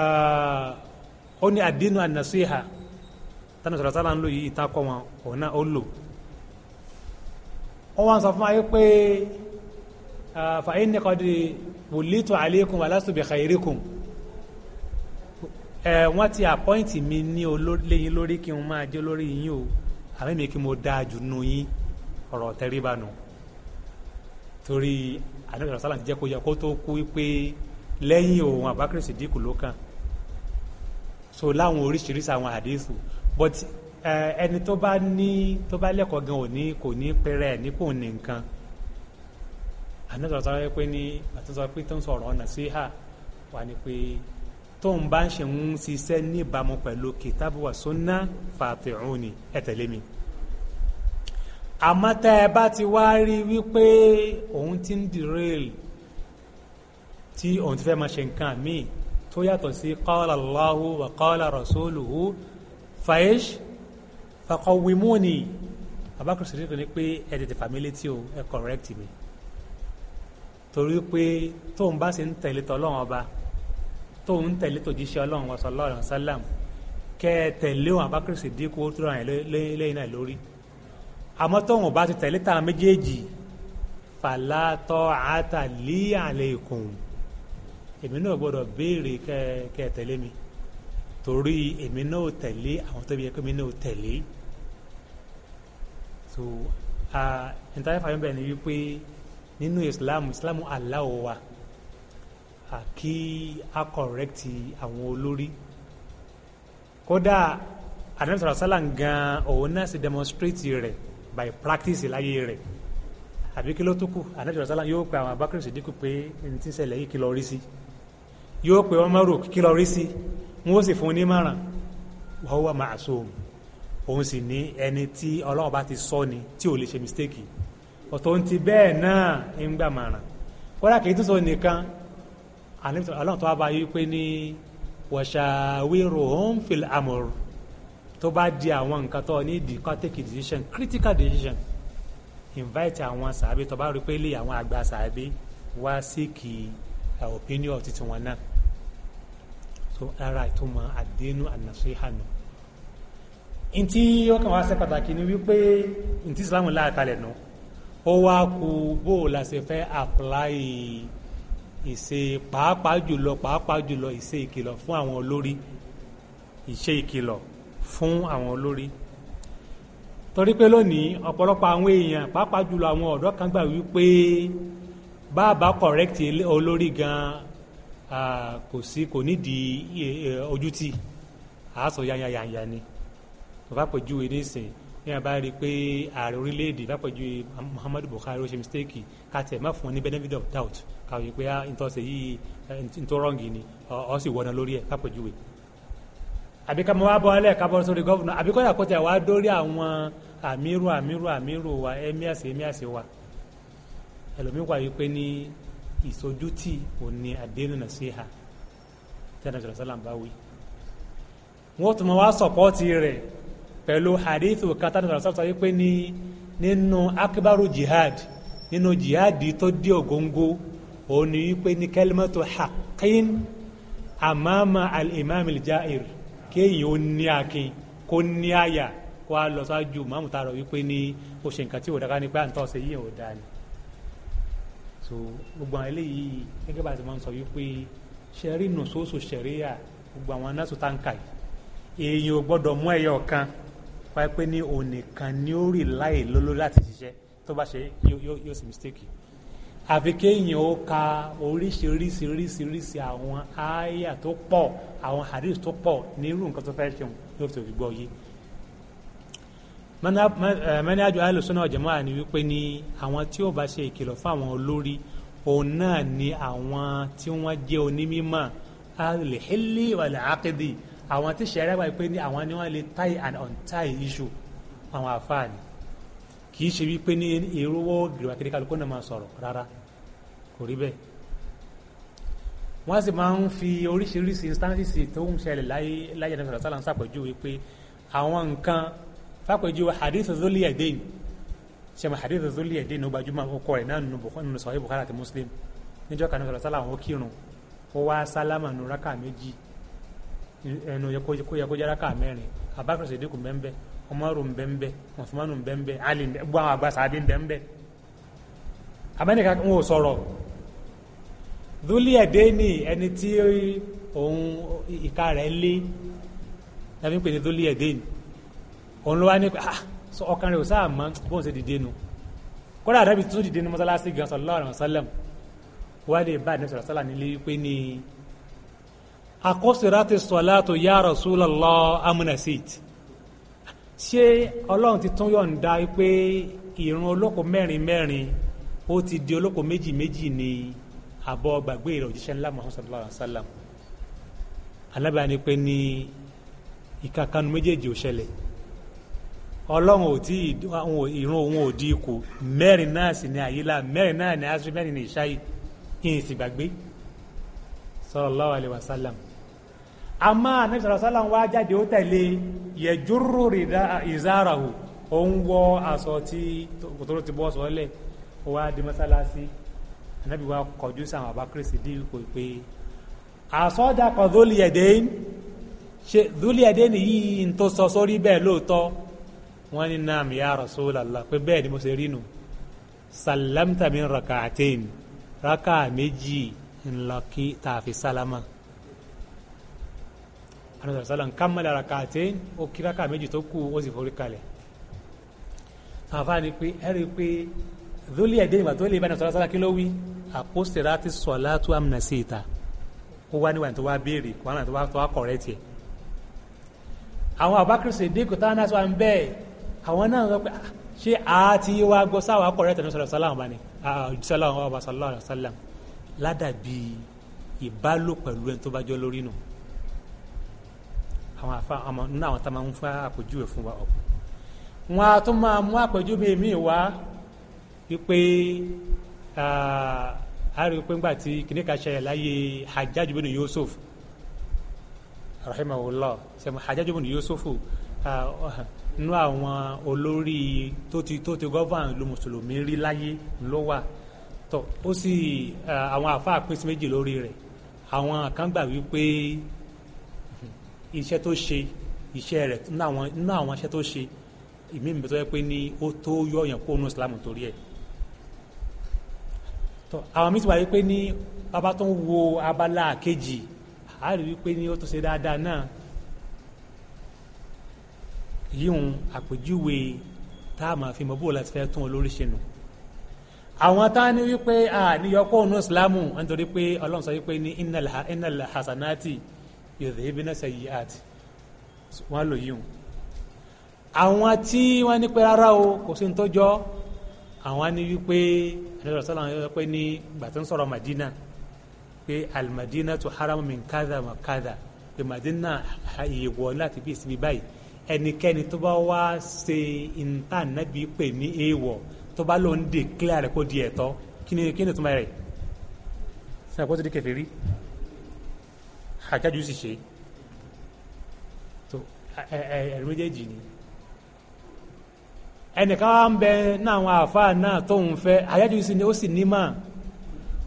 ah, ó ní àdínú ànàsíhà tánà sọ̀rọ̀ sálà ń lò yìí ìtakọ̀ wọn òun náà ó lò ó wá ń sọ fún wa pé fa inni qad wulitu alaykum alastu bi khayrikum ẹ wọ́n ti appoint mi ní olóléyìn lórí kí n máa jẹ́ lórí yín o àmì mi kí mo dáa jù nù yín ọ̀rọ̀ tẹríba torí anabi sàlá ti jẹ́ kó yẹ kó tó kú pé lẹ́yìn òun àbákírẹ́sì dínkù ló kàn so láwọn oríṣiríṣi àwọn àdéhùn but ẹni tó bá ní tó bá lẹ́kọ̀ọ́ gan òní kò ní pẹ́rẹ́ nípò nìkan ànátọ̀ sọ pé ní àti sọ pé tó ń sọ̀rọ̀ ọ̀nà sí hà wà ní pé tóun bá ń ṣe ń ṣiṣẹ́ níbàámu pẹ̀lú kìtàbù wà sunna fàtìrúnì ẹ tẹ̀lé mi àmọ́ tá ẹ bá ti wá rí wípé òun ti ń derail tí òun ti fẹ́ máa ṣe nǹkan míì tó yàtọ̀ sí qala Allahu wa qala rasuluhu fayish faqawwimuni abakar sadiq ni pé ẹ tètè fàmí létí o ẹ correct mi torí pé tóun bá sì ń tẹ̀lé tọ́lọ́run ọba tóun ń tẹ̀lé tòjíṣẹ́ ọlọ́run sallallahu alaihi wasallam kẹ́ ẹ tẹ̀lé òun abakar sadiq ó tó ra yẹn lẹ́yìn náà lórí àmọ́ tóun bá ti tẹ̀lé tàwọn méjèèjì fala ta'ata li èmi náà gbọ́dọ̀ béèrè kẹ́ ẹ tẹ̀lé mi torí èmi náà tẹ̀lé àwọn tó yẹ kí èmi náà tẹ̀lé so ntaya fàyọ̀ bẹ̀rẹ̀ ni wípé nínú islam islam aláwọ̀ wa kí a correct àwọn olórí kódà adamu sọ̀rọ̀ sálà gan òun náà sì demonstrate rẹ̀ by practice láyé rẹ̀ àbí kí ló tó kù adamu sọ̀rọ̀ sálà yóò pe àwọn abakiri sèdíkù pé ní tí ń ṣẹlẹ̀ yìí kí lọ rí sí yóò pe wọn mọ́rò kí lọ rí sí wọn ó sì fún un ní márùn wọ́n wà òun sì ní ẹni tí ọlọ́run bá ti sọ ni tí ò lè ṣe mistake ọ̀tọ̀ ń ti bẹ́ẹ̀ náà ń gbà màrà kódà kì í tún sọ nìkan ọlọ́run tó wá bá yí pé ní washawiruhum fil amr tó bá di àwọn nǹkan tó ní ìdí kan decision critical decision invite àwọn sàbí tó bá rí pé lè àwọn àgbà sàbí wá sí kí eh, opinion titi wọn náà so ara ìtumọ̀ àdénú ànàṣe hànú in tí ó kàn wá ṣe pàtàkì ni wípé in tí islam láàkalẹ̀ nù ó wá kú bó o la ṣe fẹ́ apply ìṣe pàápàá jùlọ pàápàá jùlọ ìṣe ìkìlọ̀ fún àwọn olórí ìṣe ìkìlọ̀ fún àwọn olórí torí pé lónìí ọ̀pọ̀lọpọ̀ àwọn èèyàn pàápàá jùlọ àwọn ọ̀dọ́ kan gbà wípé bàbá correct olórí gan kò sí kò nídìí e, e, ojútì àásọ yányányányá ni. Uh, fàpèjúwe nísìn ní a bá rí i pé ààrẹ orílẹ̀-èdè fàpèjúwe Muhammadu Buhari ó ṣe mistake ká tẹ̀ má fún ọ ní benefit of doubt káwé pé ah, ntọ́sẹ̀ yìí ntọ́rọ̀ǹgì ni ọ sì wọnà lórí ẹ̀ fàpèjúwe àbí ká mọ wá bọ́ ẹlẹ́ ká bọ́ sórí gọ́vùnà àbí kọ́jà kọ́jà wá dórí àwọn àmírù àmírù àmírù wa ẹ́míàsì ẹ́míàsì wa ẹlòmíín wà wípé ní ìsojútì òní àdéhùn náà sí ha tẹ́lẹ̀ sọ̀rọ̀ sọ́lá ń bá wí. wọ́n tún mọ wá sọ̀pọ́ọ̀tì rẹ̀ pẹ̀lú hadithu kata nípa sọ́sọ́ wípé ní nínú akibaru jihad nínú jihad tó dé ògóńgó òun ni wípé ní kalimatu haqqin amama al-imam al-ja'ir kéèyàn ó ní akin kó ní àyà kó a lọ sáájú mọ́mú tààrọ̀ wípé ní ó ṣe nǹkan tí ò dáká ní pé à ń tọ́ ṣe yíyan ò dáa ni so gbogbo àwọn eléyìí gẹ́gẹ́ bá ti máa ń sọ wípé ṣẹ́rí nù sóòsù ṣẹ̀ríyà gbogbo àwọn anáṣọ ń kà yìí èèyàn ò gbọ́dọ̀ mú ẹyọ kan wáyé pé ní òun nìkan ni ó rì láì lólórí láti ṣiṣẹ́ tó bá ṣe yóò sì mistake àfi kéèyàn ó ka oríṣiríṣiríṣiríṣi àwọn àyà tó pọ̀ àwọn hadith tó pọ̀ ní irú nǹkan tó fẹ́ ṣeun yóò fi gbọ́ yé mẹ́ni àjọ alùsùnà ọ̀jẹ̀mọ́ àní wípé ní àwọn tí ó bá ṣe ìkìlọ̀ fún àwọn olórí òun náà ni àwọn tí wọ́n jẹ́ onímọ̀ alìhílì wàlẹ̀ àkìdì àwọn tí sẹ́rẹ́ gbà pé ní àwọn ni wọ́n lè tie and untie issue àwọn àfáà ni kì í ṣe wípé ní ìrówó gìrìwà kiri kálukú náà máa sọ̀rọ̀ rárá kò rí bẹ́ẹ̀ wọ́n sì máa ń fi oríṣiríṣi instances tó ń ṣẹlẹ̀ láyé láyé ẹ̀dá sọ̀rọ̀ sálà ń pé àwọn nǹkan fàpèjúwe hadith zoli ẹ̀dẹ́n ṣe mọ̀ hadith zoli ẹ̀dẹ́n ó gbajúmọ̀ ọkọ rẹ̀ náà nínú Sahih Bukhari àti Muslim níjọ́ kan sọ̀rọ̀ sálà wọn kírun ó wá sálámà nù rákà méjì ẹnu yẹ kó yára ká mẹ́rin abakar sadiq mbẹ́mbẹ́ umaru mbẹ́mbẹ́ usmanu mbẹ́mbẹ́ ali gbọ́ àwọn àgbà sàbí mbẹ́mbẹ́ amẹ́ríkà ń wò sọ̀rọ̀ dúlíẹ̀ déni ẹni tí òun ìka rẹ̀ lé nàbí ń pè ní dúlíẹ̀ déni òun ló wá ní pé ah ọkàn rẹ̀ ò sáà mọ́ bóun ṣe dìde nu kódà àdábì tún dìde ní mọ́sálásí gan sallallahu alaihi wọ́n lè bá àdínẹ́sọ̀rọ̀ sálà nílé pé ní akọ́sirati sọ̀látò ya Rasulullah amúnasit ṣé ọlọ́run ti tún yọ̀ǹda pé ìrun olóko mẹ́rin mẹ́rin ó ti di olóko méjì méjì ní àbọ̀ gbàgbé rẹ̀ òjíṣẹ́ ńlá Muhammad sallallahu alaihi wa sallam alábàání pé ní ìkàkanu méjèèjì ò ṣẹlẹ̀ ọlọ́run ò tí ìrun òun ò di ikú mẹ́rin náà sì ni àyílá mẹ́rin náà ni asiri mẹ́rin ni ìṣáyí ìyìn sì gbàgbé sallallahu alaihi wa sallam àmọ́ anabi sọ̀rọ̀ sọ́lá wa jáde ó juru rida ìzárahu ó ń wọ aṣọ tí kòtòrò ti bọ́ sọ́lẹ̀ ó wá di mọ́sálásí anabi wa kọjú sáwọn abakiri Siddiq kò pé àsọdà kan zoli ẹ̀dẹ́yìn ṣe zoli ẹ̀dẹ́yìn yìí tó sọ sórí bẹ́ẹ̀ lóòótọ́ wọ́n ní naam ya rasulallah, pé bẹ́ẹ̀ ni mo ṣe rí nu salamta min raka'atain raka méjì ńlọ kí tààfi anasọ̀rọ̀ sálà ń kámẹ́lẹ̀ ara kàtẹ́ ó kí rákà méjì tó kù ó sì forí kalẹ̀ àfa ni pé ẹ rí i pé lórí ẹ̀dẹ́ ìgbà tó lè bá nasọ̀rọ̀ sálà kí ló wí àpòsèrè àti sọ̀lá tó amúnà sí ìta ó wá níwáyé tó wá béèrè kó wọn àti tó wá kọ̀rẹ́ tiẹ̀ àwọn Abubakar Siddiq táwọn náà sọ à ń bẹ́ẹ̀ àwọn náà sọ pé ah, ṣé a ti wá gbọ́ sáwọn akọ̀rẹ́ tẹ̀lé sọ̀rọ̀ sálà wọn bá ní sálà wọn bá sálà wọn sálà ládàbí ìbálò pẹ̀lú tó bá jọ lórí nù. No àwọn afa àwọn nínú àwọn tá a máa ń fa àpèjúwe fún wa ọ̀pọ̀ wọn a tún máa mú àpèjúwe míì wá wípé a rí i pé ńgbà tí kìnìún kan ṣẹlẹ̀ láyé Hajjaj bin Yusuf rahimahullah sẹ́mu Hajjaj bin Yusuf nínú àwọn olórí tó ti tó ti gọ́fàn lu mùsùlùmí rí láyé ló wà tó ó sì àwọn àfa pín sí méjì lórí rẹ̀ àwọn kan gbà wípé iṣẹ́ tó ṣe iṣẹ́ rẹ̀ nínú àwọn iṣẹ́ tó ṣe ìmí mi tó yẹ pé ní ó tó yọ ọ̀yàn kó nu Islam torí ẹ̀ tọ́ àwọn mi ti wáyé pé ní bàbá tó ń wo abala kejì a rí wípé ní ó tó ṣe dáadáa náà yíhun àpèjúwe tá a máa fi mọ bóòlù àti fẹ́ tún olórí ṣe nù àwọn tá a ní wípé a níyọkó nu Islam nítorí pé Ọlọ́run sọ wípé ní innal hasanati yudhibna sayyi'at wọ́n lò yíhun àwọn tí wọ́n ní pé rárá o kò sí nítọ́jọ́ àwọn ní wípé ẹ̀rọ sọ́lá wọn pé ní gbàtí ń sọ̀rọ̀ Madina pé al-Madina tu haram min kadha wa pé Madina ìwọ láti bí ìsinmi báyìí ẹnikẹ́ni tó bá wá ṣe ìntàn nábì pè ní èèwọ̀ tó bá lòun dè kílẹ̀ rẹ̀ kó di ẹ̀tọ́ kí ni kí ni tó máa rẹ̀ sọ àpótí di kèfèrí àjájú sì ṣe so ẹ̀rù méjèèjì ni ẹnìkan wá ń bẹ náà àwọn àfáà náà tóun fẹ́ àjájú sì ni ó sì ní mà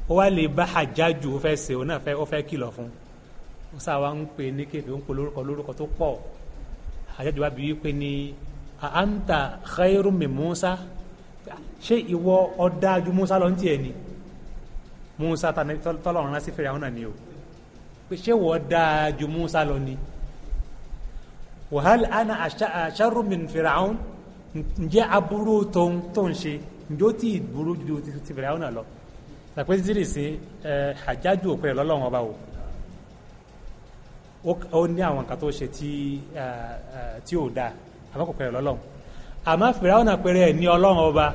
ó wá lè bá àjájú ó fẹ́ ṣe ó náà fẹ́ ó fẹ́ kìlọ̀ fún ó sáwa ń pè ní kéèké ń pè lórúkọ lórúkọ tó pọ̀ àjájú wa bí wípé ní àǹtà khairu mi Musa ṣé ìwọ ọ̀dájú Musa lọ́ntì ẹ̀ ni Musa tọ́lọ́run lásìfẹ́rẹ́ àwọn náà ni o pé ṣé wọ́n dáa ju Musa lọ ni wàhálà ana aṣarru min Fir'aun ǹjẹ́ aburú tóun tó ń ṣe ǹjẹ́ ó ti burú ju ti Fir'aun lọ sàpé ziri sí ẹ àjájú òpin rẹ lọ́lọ́run ọba o ó ní àwọn nǹkan tó ṣe tí ò dáa àmọ́ kò pẹ́ rẹ lọ́lọ́run àmọ́ Fir'aun pẹ̀rẹ̀ ní ọlọ́run ọba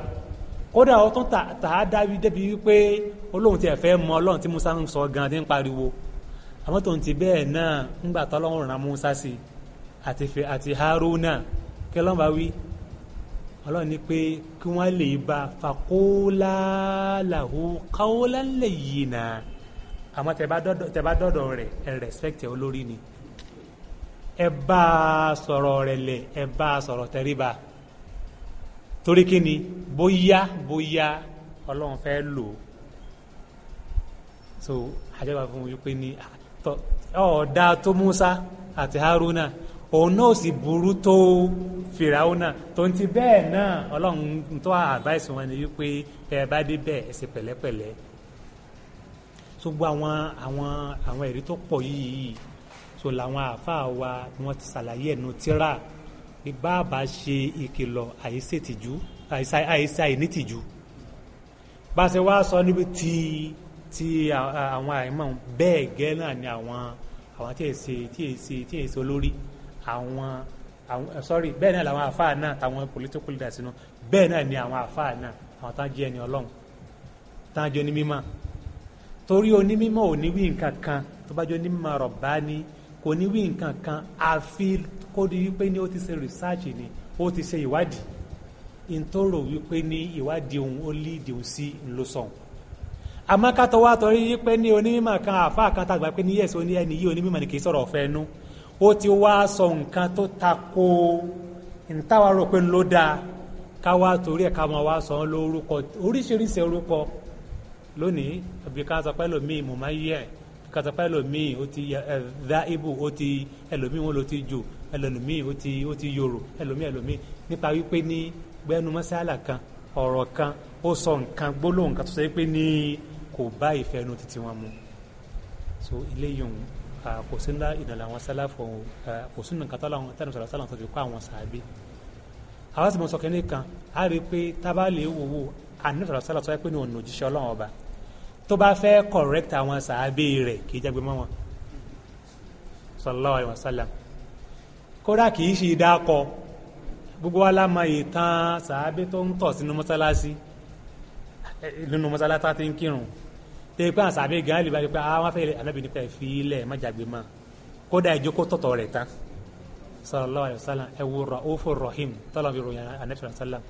kódà ó tún dábí débi wípé olóhùn tí ẹ fẹ́ mọ ọlọ́run tí Musa ń sọ gan ti ń pariwo àmọ́ tó ń ti bẹ́ẹ̀ náà ńgbà tọ́lọ́run rán Musa sí àti fẹ́ àti Haruna kí ló ń bá wí ọlọ́run ní pé kí wọ́n lè ba faqula lahu qawlan layyina àmọ́ tẹ bá dọ́dọ̀ rẹ̀ ẹ respect ẹ olórí ni ẹ bá a sọ̀rọ̀ rẹ̀ lẹ̀ ẹ bá a sọ̀rọ̀ tẹríba torí kí ni bóyá bóyá ọlọ́run fẹ́ lò so àjọba fún mi pé ọ̀dà tó Musa àti Haruna òun náà sì burú tó Fìràwọ́nà tó ń ti bẹ́ẹ̀ náà Ọlọ́run tó àbáìsàn wọn ni wípé ẹ bá dé bẹ́ẹ̀ ẹ ṣe pẹ̀lẹ́pẹ̀lẹ́ tó gbọ́ àwọn àwọn àwọn ẹ̀rí tó pọ̀ yìí so làwọn àáfàá wa wọn ti ṣàlàyé ẹnu tíra bá a bá ṣe ìkìlọ̀ àìsètìjú àìsàìnítìjú bá a ṣe wá sọ níbi tí tí àwọn àìmọ̀ bẹ́ẹ̀ gẹ́ náà ni àwọn àwọn tí èsè tí èsè tí èsè olórí àwọn àwọn sorry bẹ́ẹ̀ náà làwọn àfáà náà táwọn political leaders nù bẹ́ẹ̀ náà ni àwọn àfáà náà àwọn tá jẹ́ ẹni ọlọ́run tá jẹ́ ẹni mímọ́ torí onímímọ́ ò ní wí nǹkan kan tó bá jẹ́ onímọ̀ rọ̀bá ni kò ní wí nǹkan kan àfi kó di wípé ni ó ti ṣe research ni ó ti ṣe ìwádìí ìtòrò wípé ni ìwádìí òun ó lead òun sí ńlọsọ̀hún àmọ́ ká tọwọ́ àtọ́rí pé ní onímọ̀ kan àfa kan tàgbà pé ní yẹ̀ sí ẹni yìí onímọ̀ ni kì í sọ̀rọ̀ ọ̀fẹ́ nú ó ti wá sọ nǹkan tó tako ntàwa rò pé ló dáa ká wá torí ẹ̀ ká máa wá sọ lórúkọ oríṣiríṣi orúkọ lónìí àbí ká sọ pé lòmíì mò máa yẹ ká sọ pé lòmíì ó ti eh, dá ibù ó ti ẹlòmíì wọn ló ti jù ẹlòmíì ó ti ó ti yòrò ẹlòmíì ẹlòmíì nípa wípé ní gbẹnumọ́sálà kan ọ̀rọ̀ kan ó sọ nǹkan gbólóhùn kan tó sọ pé ní kò bá ìfẹ́ inú títí wọn mu so ilé yòówù kò sí ńlá ìdàlẹ̀ àwọn sálàfọ̀ kò sí nǹkan tó láwọn tẹ́lẹ̀ sọ̀rọ̀ sálàfọ̀ tó fi kọ́ àwọn sàábé àwọn sì mọ sọ kẹ́ni kan á rí i pé tábà lè wò wò ànífẹ̀rẹ̀ tó yẹ pé ní òun òjíṣẹ́ ọlọ́run ọba tó bá fẹ́ correct àwọn sàábé rẹ̀ kì í jẹ́ mọ́ wọn sallallahu alaihi wasallam kódà kì í ṣe dákọ gbogbo wa lámọ ìtàn sàábé tó ń tọ̀ sínú mọ́sálásí nínú mọ́sálásí tá tẹ́lẹ̀ pé àṣà àbẹ̀ gàálì bá yẹ pé àwọn ah, afẹ́lẹ́ anábì nípa ẹ̀fí ilẹ̀ má jàgbé mọ́ kódà ìjókòó tọ̀tọ̀ rẹ̀ tán sallallahu alayhi wa sallam ẹ̀wù ra'ufu rahim tọ́lọ̀ fi ròyìn anábì sallam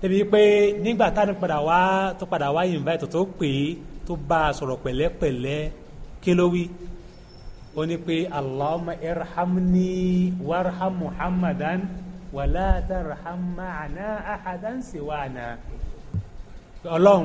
tẹ́bi pé nígbà tá padà wá tó padà wá invite tó pè é tó bá a sọ̀rọ̀ pẹ̀lẹ́pẹ̀lẹ́ kílówì ó ní pé allahumma irhamni warham muhammadan wàlá tarham ma'ana ahadan siwana ọlọ́run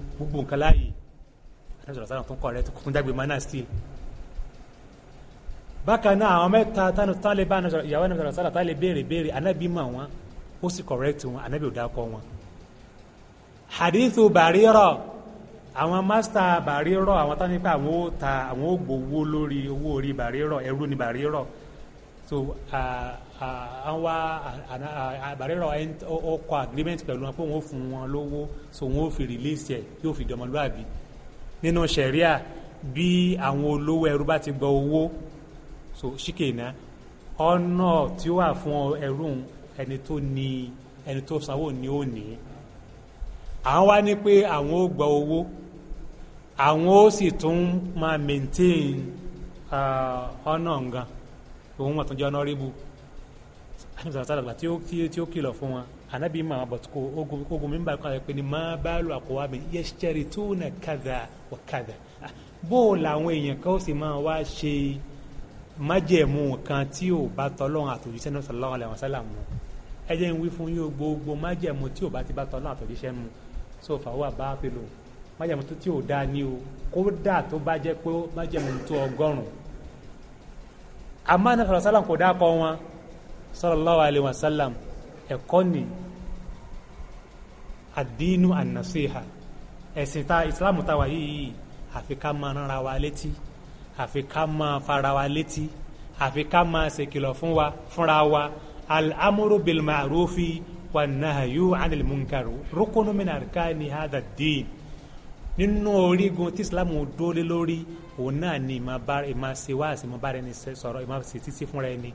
gbogbo nǹkan láàyè àti sọ̀rọ̀ sálà tó ń kọ́ rẹ tó kún jágbe mọ́ náà still bákan náà àwọn mẹ́ta tánu tán lè bá ìyàwó ẹni sọ̀rọ̀ sálà tán lè béèrè béèrè anábì mọ̀ wọn ó sì correct wọn anábì ò dákọ̀ wọn. hadithu bàrírọ̀ àwọn mástà bàrírọ̀ àwọn táwọn nípa àwọn ó ta àwọn ó gbowó lórí owó orí bàrírọ̀ ẹrú ni bàrírọ̀ so à ń wá àbárẹ́rọ̀ ó kọ agreement pẹ̀lú wọn pé wọ́n fún wọn lówó so wọ́n ó fi release ẹ̀ yóò fi dọmọlúàbí nínú ṣẹ̀ríà bí àwọn olówó ẹrú bá ti gba owó so ṣìkèna ọ̀nà tí ó wà fún ẹrú ẹni tó ní ẹni tó sanwó ni ó ní àwọn wá ní pé àwọn ó gba owó àwọn ó sì tún máa maintain ah, ọ̀nà nǹkan òun wà tó jẹ́ ọ̀nàrẹ́bù sàràsàrà tí ó tí ó kìlọ̀ fún wọn ànábì mọ àwọn bọ̀tù kó ogun mi ń bá kọ́ pé ni máa bá lu àkọ́wá mi yẹ́sítẹ́rì tó nà kàdà wà kàdà ah, bó o làwọn èèyàn kan ó sì máa wá ṣe májẹ̀mú kan tí ò bá tọ́lọ́run àtòjíṣẹ́ náà sallallahu alaihi wasallam mu ẹ jẹ́ ń wí fún yín gbogbo májẹ̀mú tí ò bá ti bá tọ́lọ́run àtòjíṣẹ́ mu so fàwọn àbá pẹ̀lú májẹ̀mú tí ò dáa ní o kódà tó bá jẹ́ pé májẹ̀mú tó ọgọ́rùn-ún àmọ́ ní sọ̀rọ̀ sálàm kò dákọ̀ wọn sallallahu alaihi wasallam ẹ̀kọ́ ni àdínú ànàṣíhà ẹ̀sìn ta ìsìláàmù táwa yìí àfi ká máa rán ra wa létí àfi ká máa fara wa létí àfi ká máa ṣèkìlọ̀ fún wa fúnra wa al-amru bil ma'rufi wa nahyu anil munkar rukunu min arkani hadha ad-din nínú orígun tí ìsìláàmù dólé lórí òun náà ni ìmọ̀ ṣe wá àti ìmọ̀ bá ẹni sọ̀rọ̀ ìmọ̀ ṣe títí fúnra ẹni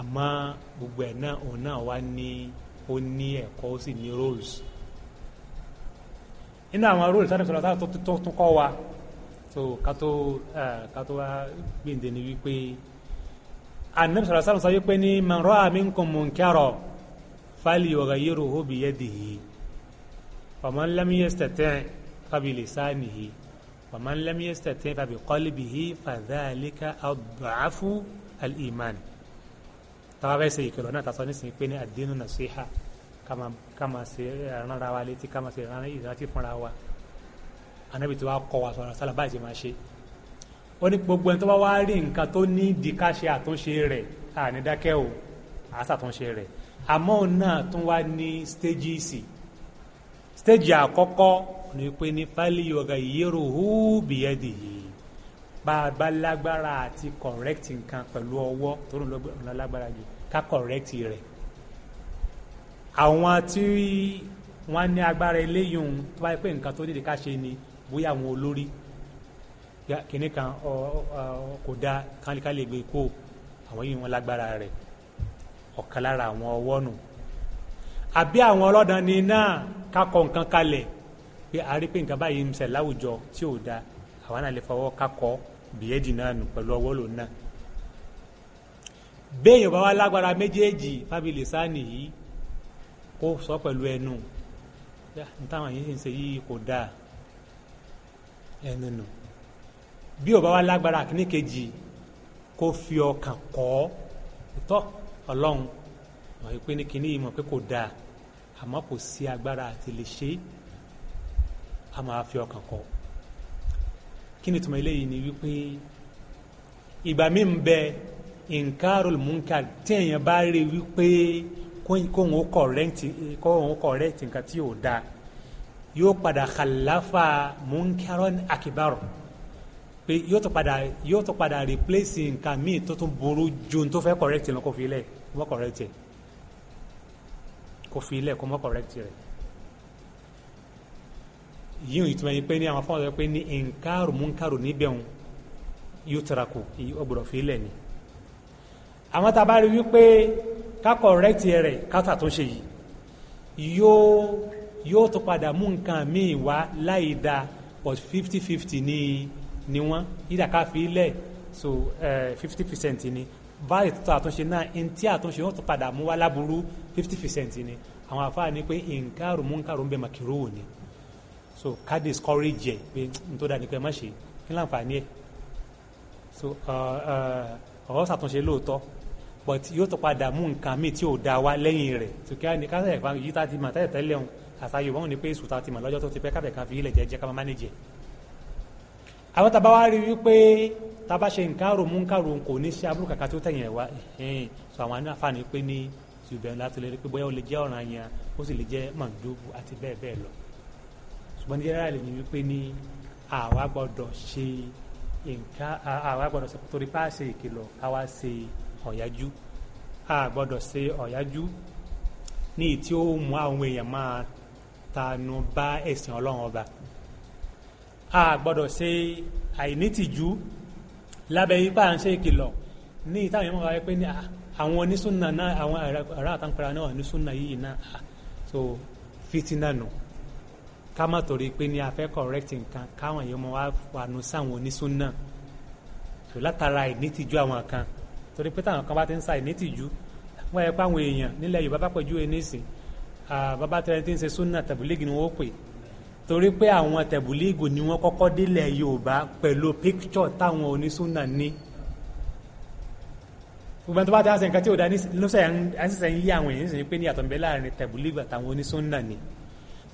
àmọ́ gbogbo ẹ̀ náà òun náà wá ní ó ní ẹ̀kọ́ ó sì ní rules nínú àwọn rules tánà sọ̀rọ̀ tó tó tó kọ́ wa tó kátó kátó wá gbèǹde ni wípé ànábì sọ̀rọ̀ sọ̀rọ̀ sọ wípé ní man ra'a minkum munkara falyughayyiruhu biyadihi faman lam yastati' fabilisanihi ومن لم يستطع فبقلبه فذلك أضعف الإيمان tàbá ṣe ìkìlọ̀ náà tàṣọ nísìnyí pé ní àdínú nàṣíhà ká máa ṣe ìrànra wa létí ká máa ṣe ìrànra ìrántí fúnra wa anábì tí wàá kọ wa sọ̀rọ̀ sálà báyìí ṣe máa ṣe ó ní gbogbo ẹni tó bá wá rí nǹkan tó ní ìdí ká ṣe àtúnṣe rẹ̀ àní dákẹ́ o àṣàtúnṣe rẹ̀ àmọ́ òun náà tún wá ní stéjì sí stéjì àkọ́kọ́ ni pé ní fáliyọ̀gà yẹ̀rọ̀hù bìyẹ́dì yìí bá a bá lágbára àti correct nǹkan pẹ̀lú ọwọ́ tó ń lọ lágbára jù ká correct rẹ̀ àwọn tí wọ́n ní agbára eléyìí ohun tó bá yẹ pé nǹkan tó dìde ká ṣe ni bóyá àwọn olórí kìnnì kan kò dáa kálíkálí gbé e kó àwọn yìí wọ́n lágbára rẹ̀ ọ̀kan lára àwọn ọwọ́ nù àbí àwọn ọlọ́dàn ni náà ká nǹkan kalẹ̀ pé a rí pé nǹkan báyìí ń ṣẹ̀ láwùjọ tí ò da àwa náà lè fọwọ́ kakọ́ bìyẹ́dì náà nù pẹ̀lú ọwọ́ lòun náà. béèyàn bá wá lágbára méjèèjì fábílì sáànì yìí kó sọ pẹ̀lú ẹnu n táwọn yìí ń ṣe yìí kò dáa ẹnu nù bí ò bá wá lágbára kíní kejì kó fi ọkàn kọ́ tọ́ ọlọ́run mọ̀ pé ní kíní yìí mọ̀ pé kò dáa àmọ́ kò sí agbára àti lè ṣe é a máa fi ọkàn kọ kí ni tuma eléyìí ni wípé ìgbà mi ń bẹ nkaarol munkar tí èèyàn bá rí wípé kóhun ó kọrẹ́ǹtì kóhun ó kọrẹ́ǹtì nǹkan tí yóò da yóò padà kàlàfà munkaron akibaro pé yóò tó padà yóò tó padà replace nǹkan míì tó tún burú ju tó fẹ́ kọrẹ́ǹtì lọ kó fi lẹ̀ kó fi lẹ̀ kó mọ́ kọrẹ́ǹtì rẹ̀ yíyún ìtumọ̀ yìí pé ní àwọn afọ́nà pé ní nkaru munkaru níbẹ̀ òun yóò tẹ̀ra kù ó gbọ́dọ̀ fi lẹ̀ ni. àwọn tá a bá rí wípé ká correct rẹ̀ káta tó ṣe yìí yóò yóò tó padà mú nǹkan míì wá da but fifty fifty ni ni wọ́n yíyà ká fi lẹ̀ so fifty uh, percent ni báyìí tó àtúnṣe náà ntí àtúnṣe yóò tó padà mú wá láburú fifty percent ni àwọn afáà ní pé nkaru munkaru ń bẹ màkìrò wò ni so ká discourage ẹ̀ pé n tó dáa ni pé ẹ má ṣe kí láǹfààní ẹ̀ so uh, uh, ọ̀rọ̀ ṣàtúnṣe lóòótọ́ but yóò tó padà mú nǹkan míì tí ò da wá lẹ́yìn rẹ̀ so kí á ní káṣẹ̀ ìfà yìí tá a ti mà tẹ́lẹ̀ tẹ́lẹ̀ òun àṣà yorùbá òun ni pé èsù tá a ti mà lọ́jọ́ tó ti pẹ́ kábẹ̀ kan fi ilẹ̀ jẹ́jẹ́ ká máa manage ẹ̀ àwọn tàbá wá rí wípé tàbá ṣe nǹkan rò mú nǹkan rò kò ní ṣe aburú kàkà tó tẹ̀yìn ẹ̀ wá so àwọn anáfààní pé ní ṣùgbọ́n láti lè rí pé bóyá ó lè jẹ́ ọ̀ranyàn ó sì lè jẹ́ mọ̀ndógù àti bẹ́ẹ̀ bẹ́ẹ̀ lọ ṣùgbọ́n ní general ni wípé ní àwa gbọ́dọ̀ ṣe nǹkan àwa gbọ́dọ̀ ṣe torí pa ṣe ìkìlọ̀ káwa ṣe ọ̀yájú a gbọ́dọ̀ ṣe ọ̀yájú ní tí ó mú àwọn èèyàn máa tanu bá ẹ̀sìn ọlọ́run ọba a gbọ́dọ̀ ṣe àìnítìjú lábẹ́ yípa à ń ṣe ìkìlọ̀ ní ìtàn yẹn mọ̀ wáyé pé ní àwọn onísùnà náà àwọn ará àtàǹpẹ̀rẹ̀ náà onísùnà yìí náà so fitinanu. No ká má torí pé ní a fẹ́ correct nǹkan káwọn èèyàn mọ wá wàánu sáwọn onísùn náà tó látara ìnítìjú àwọn kan torí pé táwọn kan bá ti ń sa ìnítìjú wọ́n yẹ pé àwọn èèyàn nílẹ̀ Yorùbá bá pẹ̀jú enísìn bàbá tẹ̀lé tí ń ṣe súnà tẹ̀bùlíìgì ni wọ́n pè torí pé àwọn tẹ̀bùlíìgì ni wọ́n kọ́kọ́ délẹ̀ Yorùbá pẹ̀lú píkítsọ̀ táwọn onísùnà ní gbogbo tó bá ti ń ṣe nǹkan tí ò dá ní lọ́sẹ̀ yẹn ń yí àwọn èèyàn ní pé ní àtọ̀nbẹ́ láàrin tẹ̀bùlíìgì àtàwọn onísùnà ni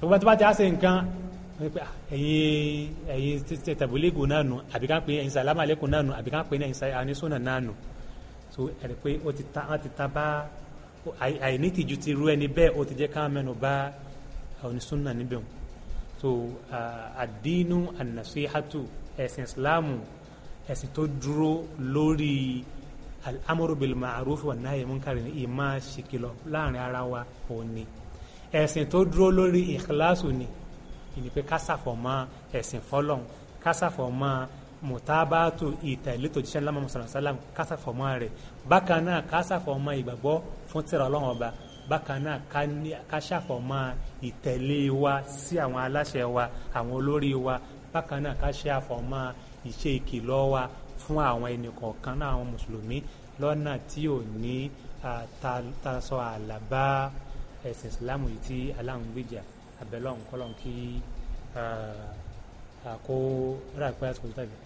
ṣùgbọ́n tó bá ti á ṣe nǹkan ah, ẹ̀yin ẹ̀yin tẹ̀tẹ̀bọ̀lẹ́gò náà nù àbí ká pé ẹ̀yin sàlámà lẹ́kùn náà nù àbí ká pé ẹ̀yin anisọ́nà náà nù so ẹ̀rí pé ó ti ta wọ́n ti ta bá àìnítìjú ti rú ẹni bẹ́ẹ̀ ó ti jẹ́ ká mẹ́nu bá anisọ́nà níbẹ̀ so àdínú ànàṣíhàtù ẹ̀sìn ìsìláàmù ẹ̀sìn tó dúró lórí al-amru bil ma'ruf wan nahyi munkar ní ìmáa ṣèkìlọ̀ láàrin ara wa òní ẹ̀sìn tó dúró lórí ìkíláàsù ni ìní pé kásàfọ̀ mọ́ ẹ̀sìn fọlọ́n kásàfọ̀ mọ́ mùtábàtò ìtẹ̀lé tó jíṣẹ́ lámà mùsàlùmí sálàmù kásàfọ̀ mọ́ rẹ̀ bákan náà kásàfọ̀ mọ́ ìgbàgbọ́ fún tìrọ ọlọ́run ọba bákan náà ká ṣàfọ̀ mọ́ ìtẹ̀lé wa sí àwọn aláṣẹ wa àwọn olórí wa bákan náà ká mọ́ ìṣe ìkìlọ̀ wa fún àwọn ẹnì kọ̀ọ̀kan náà àwọn mùsùlùmí lọ́nà tí ò ní tasọ àlàbá ẹ̀sìn ìsìláàmù yìí tí aláwọn gbèjà abẹ́lọ́n kọ́lọ́n kí àkó rà pé àsìkò tàbí.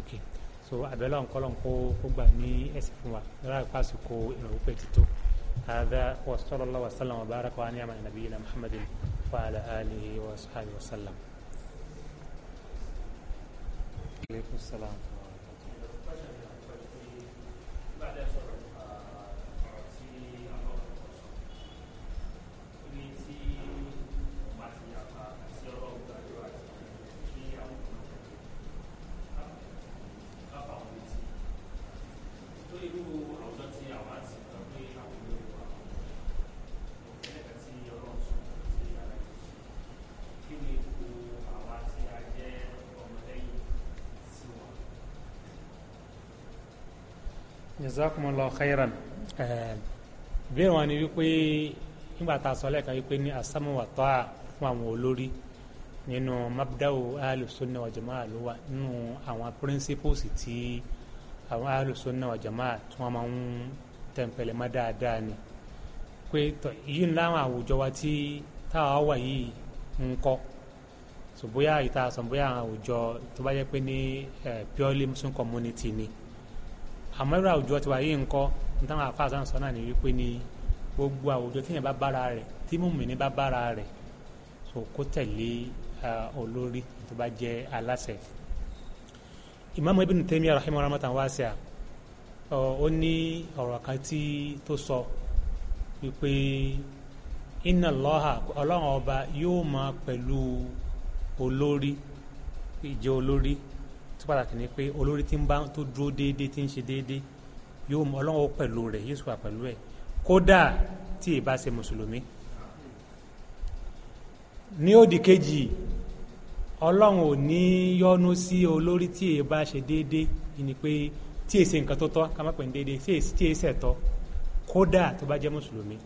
ok so abẹ́lọ́n kọ́lọ́n kó kó gbà ní ẹ̀sìn fún wa rà pé àsìkò ìrànwọ́ pé tó. هذا وصلى الله وسلم وبارك وانعم على نبينا محمد وعلى اله وصحبه وسلم عليكم السلام بعد jazakumullahu khairan eh, ìbéèrè wọn ni wípé nígbà tá a sọ lẹ́ẹ̀kan wípé ní asámù wà tọ́ a fún àwọn olórí nínú mabda'u ahlus-sunnah wal jama'ah ló wà nínú àwọn principles tí àwọn ahlus-sunnah wal jama'ah tí wọ́n máa ń tẹ̀m̀pẹ̀lẹ̀ má dáadáa ni pé yìí láwọn àwùjọ wa tí táwa wà yìí ń kọ́ so bóyá ìta sọ bóyá àwọn àwùjọ tó bá yẹ pé ní eh, purely muslim community ni. àmọ́ irú àwùjọ wà yìí ńkọ́ nítawọn àfáà sáà sọ náà ni wípé ni gbogbo àwùjọ tíyẹn bá bára rẹ̀ tí bá bára rẹ̀ so kó tẹ̀lé olórí tó bá jẹ́ aláṣẹ. ìmáàmù Ibn Taymiyyah rahimahu rahmatan wasi'a ó ní ọ̀rọ̀ kan tí tó sọ wípé inna Allaha ọlọ́run ọba yóò máa pẹ̀lú olórí ìjẹ́ olórí tó pàtàkì ni pé olórí tí ń bá tó dúró déédéé tí ń ṣe déédéé yóò mọ ọlọ́run pẹ̀lú rẹ̀ yóò sì wà pẹ̀lú ẹ̀ kódà tí ì bá ṣe mùsùlùmí. ní òdì kejì ọlọ́run ò ní yọ́nú sí olórí tí ì bá ṣe déédéé ni pé tí ì ṣe nǹkan tó tọ́ ká má pè ní déédéé tí ì ṣẹ̀tọ́ kódà tó bá jẹ́ mùsùlùmí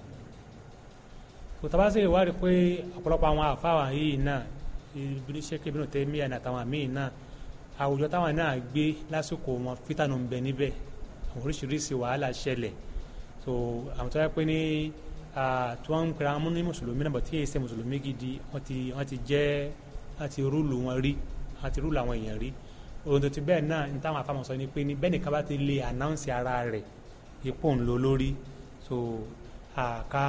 kòtàbáṣe ìwádìí pé ọ̀pọ̀lọpọ̀ àwọn àfáà yìí náà ibi ní sẹ́kì ibi ní tẹ́míà àtàwọn míì náà àwùjọ táwọn náà gbé lásìkò wọn fítànù ń bẹ níbẹ̀ oríṣiríṣi wàhálà ṣẹlẹ̀ so àwọn tó yẹ pé ní tí wọ́n ń pera wọn ní mùsùlùmí náà bọ̀ tí èsè mùsùlùmí gidi wọ́n ti wọ́n ti jẹ́ wọ́n ti rúlù wọn rí wọ́n ti rúlù àwọn èèyàn rí ohun ti bẹ́ẹ̀ náà ní táwọn afáàmọ̀ ni pé ní bẹ́ẹ̀ nìkan bá ti lè ànáùnsì ara rẹ̀ ipò ńlò lórí so ká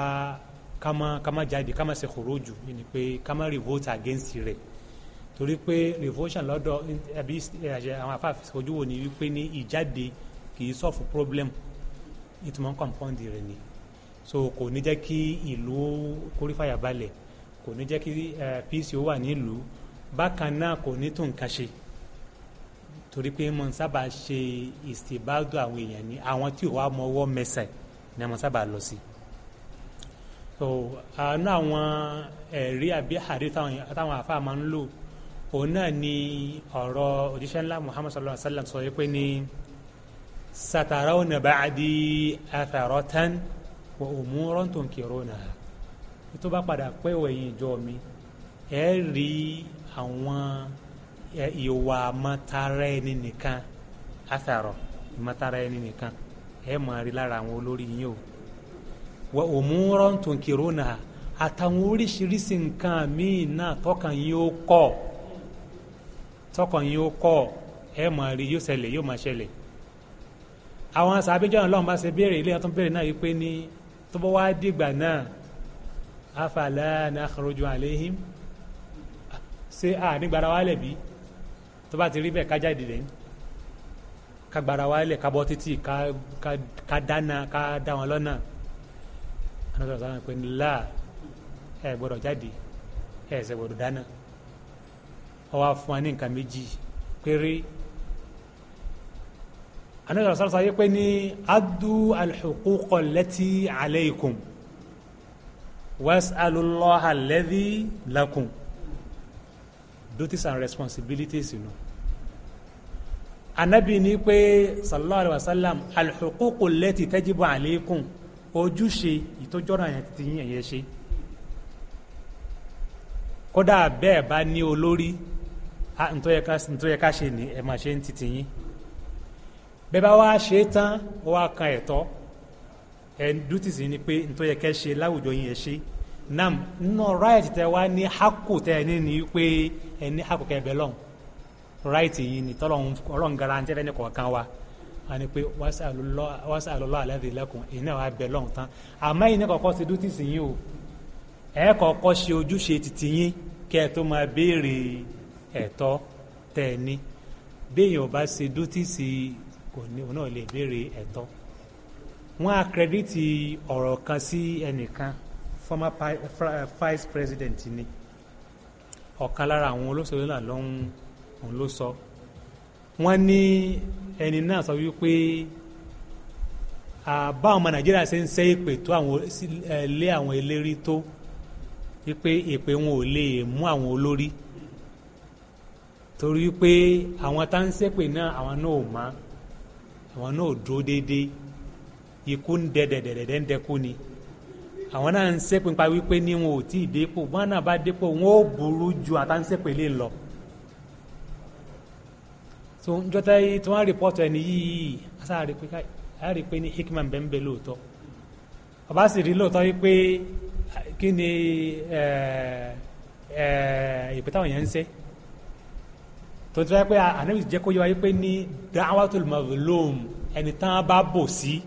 ká má jáde ká má ṣe kòrójù ni pé ká má revolt against rẹ̀ torí pé revolution lọ́dọ̀ àbí àwọn afáàfin ojú wo ni wípé ní ìjáde kì í solve problem ìtumọ̀ compound rẹ̀ ni so kò ní jẹ́ kí ìlú kórífàyà balẹ̀ kò ní jẹ́ kí peace ó wà nílùú bákan náà kò ní tó nǹkan ṣe torí pé mo sábà ṣe ìsìbádọ àwọn èèyàn ní àwọn tí ò wá mọ ọwọ́ mẹsẹ̀ ni mo sábà lọ sí so àánú àwọn ẹ̀rí àbí àrí táwọn àfáà máa ń lò òun náà ni ọ̀rọ̀ òjíṣẹ́ ńlá muhammad sallallahu alaihi wa sallam sọ wípé ní satarawna ba'di atharatan wa umuran tunkirunaha tó bá padà pé ìwẹ̀yìn ìjọ mi ẹ rí àwọn ìwà mọ́tara ẹni nìkan atharọ mọ́tara ẹni nìkan ẹ máa rí lára àwọn olórí yín o wa umuran tunkirunaha àtàwọn oríṣiríṣi nǹkan míì náà tọkàn yín ó kọ̀ tọkàn yín ó kọ́ ẹ mọ̀ rí yóò ṣẹlẹ̀ yóò máa ṣẹlẹ̀ àwọn sàbíjọ́ ọlọ́run bá ṣe béèrè ilé ọtún béèrè náà yìí pé ní tó bá wá dìgbà náà afàlà nàkàrọ̀jù àléhìm ṣé à nígbàrá wálẹ̀ bí tó bá ti rí bẹ́ẹ̀ kájà ìdílé ká wálẹ̀ ká títì ká dáná ká dá wọn lọ́nà àwọn sọ̀rọ̀ pé ní láà gbọ́dọ̀ jáde ẹ̀ ṣẹ̀ gbọ́dọ̀ dáná ọwọ́ fún wa ní nǹkan méjì péré anájọ́ sọ́rọ́ sọ pé ní addu al-huquqa allati alaykum was'alullaha alladhi duties and responsibilities you know anabi ni pé sallallahu alayhi wa sallam alḥuququ lẹ́tì tẹ́jibọ̀ àlékún ojúṣe ìtọ́jọ́ra yẹn ti yín ẹ̀yẹ ṣe kódà bẹ́ẹ̀ bá ní olórí ah ntọ́ yẹ ká ntọ́ ṣe ni ẹ máa ṣe ń titi yín bẹ́ẹ̀ bá wá ṣe é tán ó wá kan ẹ̀tọ́ ẹ̀ dútìsì ni pé ntọ́ yẹ kẹ́ ṣe láwùjọ yín ẹ ṣe nam nínú right tẹ wá ní hako tẹ ẹ ní ni pé ẹ ní hako kẹ bẹ lọ́hùn right yìí ni tọ́lọ́hún ọlọ́run garanti ẹni kọ̀ọ̀kan wa a ní pé wàásù àlọ́lọ́ àlẹ́dẹ̀ lẹ́kùn èyí náà wà bẹ lọ́hùn tán àmọ́ yìí ní kọ̀ọ̀kan ti dútìsì yín o ẹ kọ̀ọ̀kan ṣe ojúṣe títí yín kẹ́ ẹ tó máa béèrè ẹ̀tọ́ tẹ́ ẹ ní béèyàn bá ṣe dútíìsì kò ní òun náà lè béèrè ẹ̀tọ́ wọ́n á kírẹ́díìtì ọ̀rọ̀ kan sí ẹnìkan former vice president ni ọ̀kan lára àwọn olóṣèlú náà ló ń òun ló sọ wọ́n ní ẹni náà sọ wípé àbá ọmọ nàìjíríà ṣe ń ṣe ìpè tó àwọn lé àwọn eléré tó wípé ìpè wọn ò lè mú àwọn olórí torí pé àwọn tá ń ṣépè náà àwọn náà ò mọ àwọn náà ò dúró déédéé ikú ń dẹ dẹdẹdẹdẹ ń dẹkú ni àwọn náà ń ṣépè nípa wípé ní wọn ò tí ì dépò wọn náà bá dépò wọn ò burú ju àtàǹṣépè lè lọ tó ń jọta yìí tí wọn rìpọ́tù ẹni yìí asáàrí pé pé ní hikman bẹ́ẹ̀ ń bẹ lóòótọ́ ọba sì rí lóòótọ́ wípé kí ni eh, eh, ìpè yẹn ń ṣe tó ti wáyé pé ànábì jẹ́ kó yẹ wáyé pé ní da'watul mazlum ẹni tán ba bò sí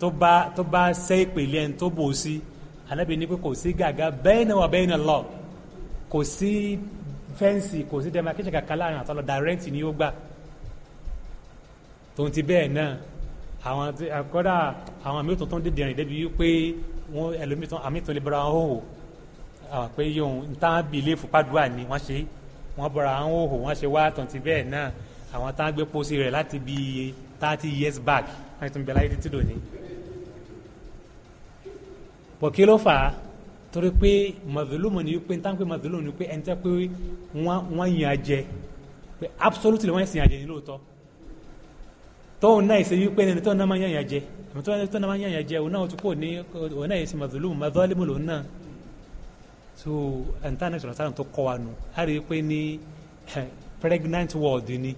tó bá tó bá sẹ́ ìpèlè ẹni tó bò sí ànábì ní pé kò sí gàgà bayna wa bayna Allah kò sí fẹ́ǹsì kò sí demarcation kankan láàrin àtọ́lọ́ direct ni yóò gbà tó ti bẹ́ẹ̀ náà àwọn akọ́dà àwọn àmì òtún tó ń dìde rìn débi wípé wọn ẹlòmítàn àmì ìtòlébọ̀ra wọn hò àwọn pé yóò ń tán bìlẹ̀ fúpadùá ni wọ́n ṣe wọ́n bọ̀ra àwọn òhò wọ́n ṣe wá tọ̀ntì bẹ́ẹ̀ náà àwọn tá à gbé pósí rẹ̀ láti bí thirty years back wọ́n ti ń bẹ láyé títí dòní. bọ̀ kí ló fà á torí pé mọ̀vẹ́lómọ̀ ni pé táwọn pé mọ̀vẹ́lómọ̀ ni pé ẹni tẹ́ pé wọ́n yàn jẹ pé absolutely wọ́n yàn jẹ ní lóòótọ́ tóun náà ṣe wípé ẹni tóun náà máa yàn yàn jẹ ẹni tóun náà máa yàn yàn jẹ òun náà ti kò ní òun náà yẹ so internet transaction tó kọ́ wa nù a rí i pé ní pregnant world ni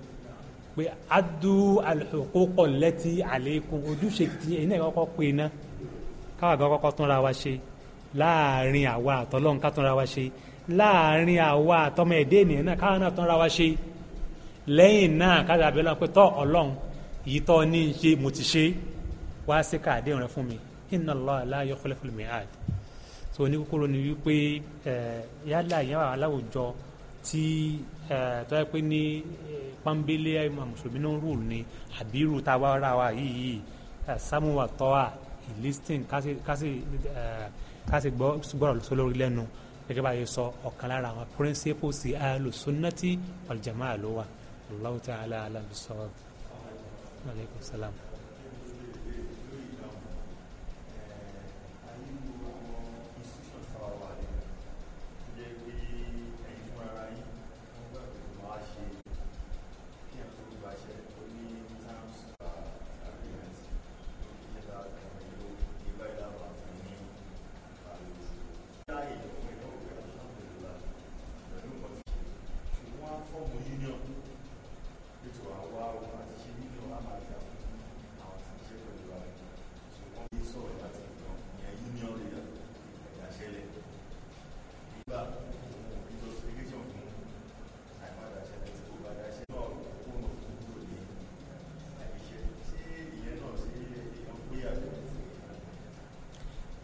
pé adu alhuquqo lẹ́tí aleku ojúṣe tí ẹ̀yin náà kọ́kọ́ pé iná káwa gan kọ́kọ́ tún ra wa ṣe láàrin àwa àtọ́lọ́hún ká tún ra wa ṣe láàrin àwa àtọmọ ẹ̀dẹ́ ènìyàn náà káwa náà tún ra wa ṣe lẹ́yìn náà kájà abẹ́lẹ́ pé tọ́ ọlọ́run yìí tọ́ ní ṣe mo ti ṣe wá sí káàdé rẹ fún mi inna Allah la yukhlifu al-mi'ad so oníkókóró ni wípé yálà ìyá wà láwùjọ tí tó yẹ pé ní pọ́nbélé mùsùlùmí náà rò ní àbírù tá a wá ra wa yìí samuwa tọ́wà ìlísítìn kásì gbọ́rọ̀ sólórí lẹ́nu gẹ́gẹ́ bá a yẹ sọ ọ̀kan lára àwọn principles alùsùnàtì wal jamaa ló wà Allahu ta'ala alam bisawab. Wa alaikum salam.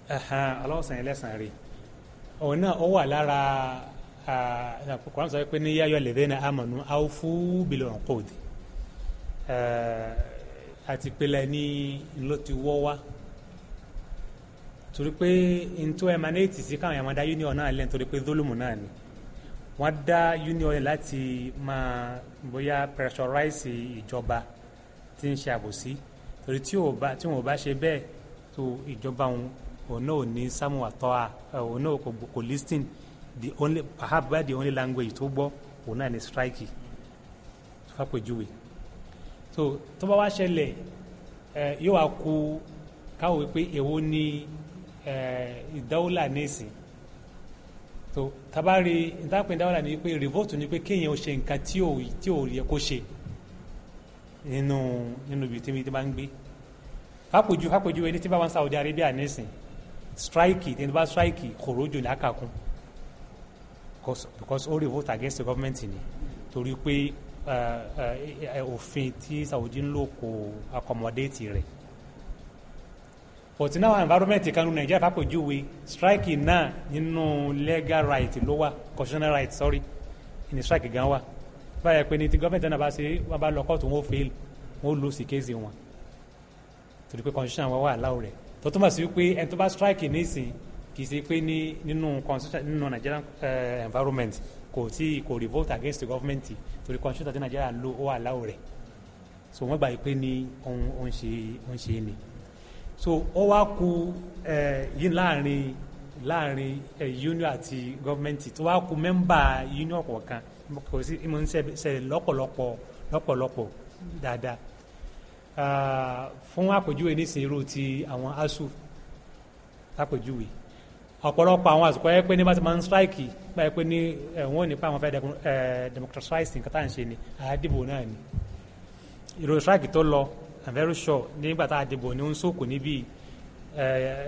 aláwọ̀sàn yẹn lẹ́sàn-án rè òun náà ó wà lára kòrán sọ pé ní yáyọ lẹ́dẹ́ náà amọ̀nù awfu bil uqud àti pélé ní ló ti wọ́ wá torí pé ntọ́ ẹ̀mánéètì sí káwọn ẹ̀mọ́dá union náà lẹ́nu torí pé dólùmù náà ni wọ́n dá union yẹn láti máa bóyá pressurize ìjọba tí ń ṣe àbòsí torí tí wọn ò bá ṣe bẹ́ẹ̀ tó ìjọba wọn òun náà ò ní samu àtọ́à òun náà kò listing the only perhaps by the only language tó gbọ́ òun náà ni strike fàpèjúwe so tó bá wá ṣẹlẹ̀ yóò wá ku káwọn wípé èwo ni ìdáwọ́là nísìn so tabari ìdápẹ́ ìdáwọ́là ni wípé revolt ni pé kéèyàn ṣe nǹkan tí ò tí ò yẹ kó ṣe nínú nínú ibi tí mi ti máa ń gbé fàpèjú fàpèjúwe ní tí bá wọn Saudi Arabia nísìn strike tí ẹni bá strike kòrójò lákàkún because the vote against the government ni torí pé òfin tí Saudi ń lò kò accommodate rẹ̀ but now environment kanu Nàìjíríà fàpèjúwe strike náà nínú legal right ló wà constitutional right sorry ní strike gan wà báyà pé ní ti gọ́ọ̀mẹ̀ntì náà bá ṣe wọ́n bá lọ kóòtù wọn ó fail wọn ó lose case wọn torí pé constitution wọn wà láwùrẹ̀ tó túmọ̀ sí wípé ẹni tó bá strike nísìn kì í ṣe pé ní nínú Nigerian uh, environment kò tí kò revolt against the government torí constitution ti Nigeria ló ó àláwò rẹ̀ so wọ́n gbà pé ní òun òun ṣe òun ṣe ni so ó wá ku eh, yín láàrin láàrin eh, union àti government tó wá ku mẹ́mbà union kọ̀ọ̀kan kò sí ìmọ̀ ń ṣẹlẹ̀ lọ́pọ̀lọpọ̀ lọ́pọ̀lọpọ̀ dáadáa fún àpèjúwe nísìnyí irú ti àwọn asuu lápèjúwe ọ̀pọ̀lọpọ̀ àwọn àsìkò ẹ pé ní bá ti máa ń strike bá ẹ pé ní ẹ̀wọ̀n nípa àwọn fẹ́ democratize nǹkan tá à ń ṣe ni àádìbò náà ni ìró strike tó lọ i'm very sure nígbà tá a dìbò ní nsókò níbí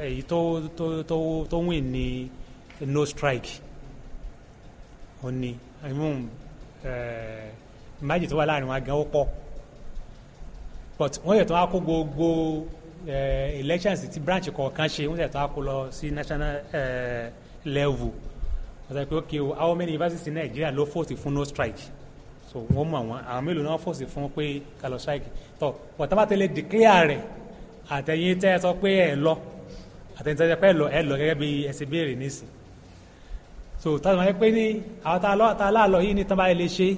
èyí tó tó tó tó wìn ní no strike òní i mean ìmájì tó wà láàrin wọn gan ó pọ̀ but wọ́n yẹ̀ tó wá kó gbogbo eh, elections ti branch kọ̀ọ̀kan ṣe wọ́n yẹ̀ tó wá kó lọ sí national eh, level wọ́n sọ pé ok o how many universities in Nigeria ló fòsì fún no strike so wọ́n mú àwọn àwọn mélòó náà fòsì fún pé ká lọ strike tó pọ̀tàbàtẹ́lẹ̀ declare rẹ̀ àtẹ̀yìn tẹ́ ẹ sọ pé ẹ lọ àtẹ̀yìn tẹ́ ẹ sọ pé ẹ lọ ẹ lọ gẹ́gẹ́ bí ẹ ṣe béèrè nísìn so táwọn máa ń pè ní àwọn tá a lọ yìí ní tán lè ṣe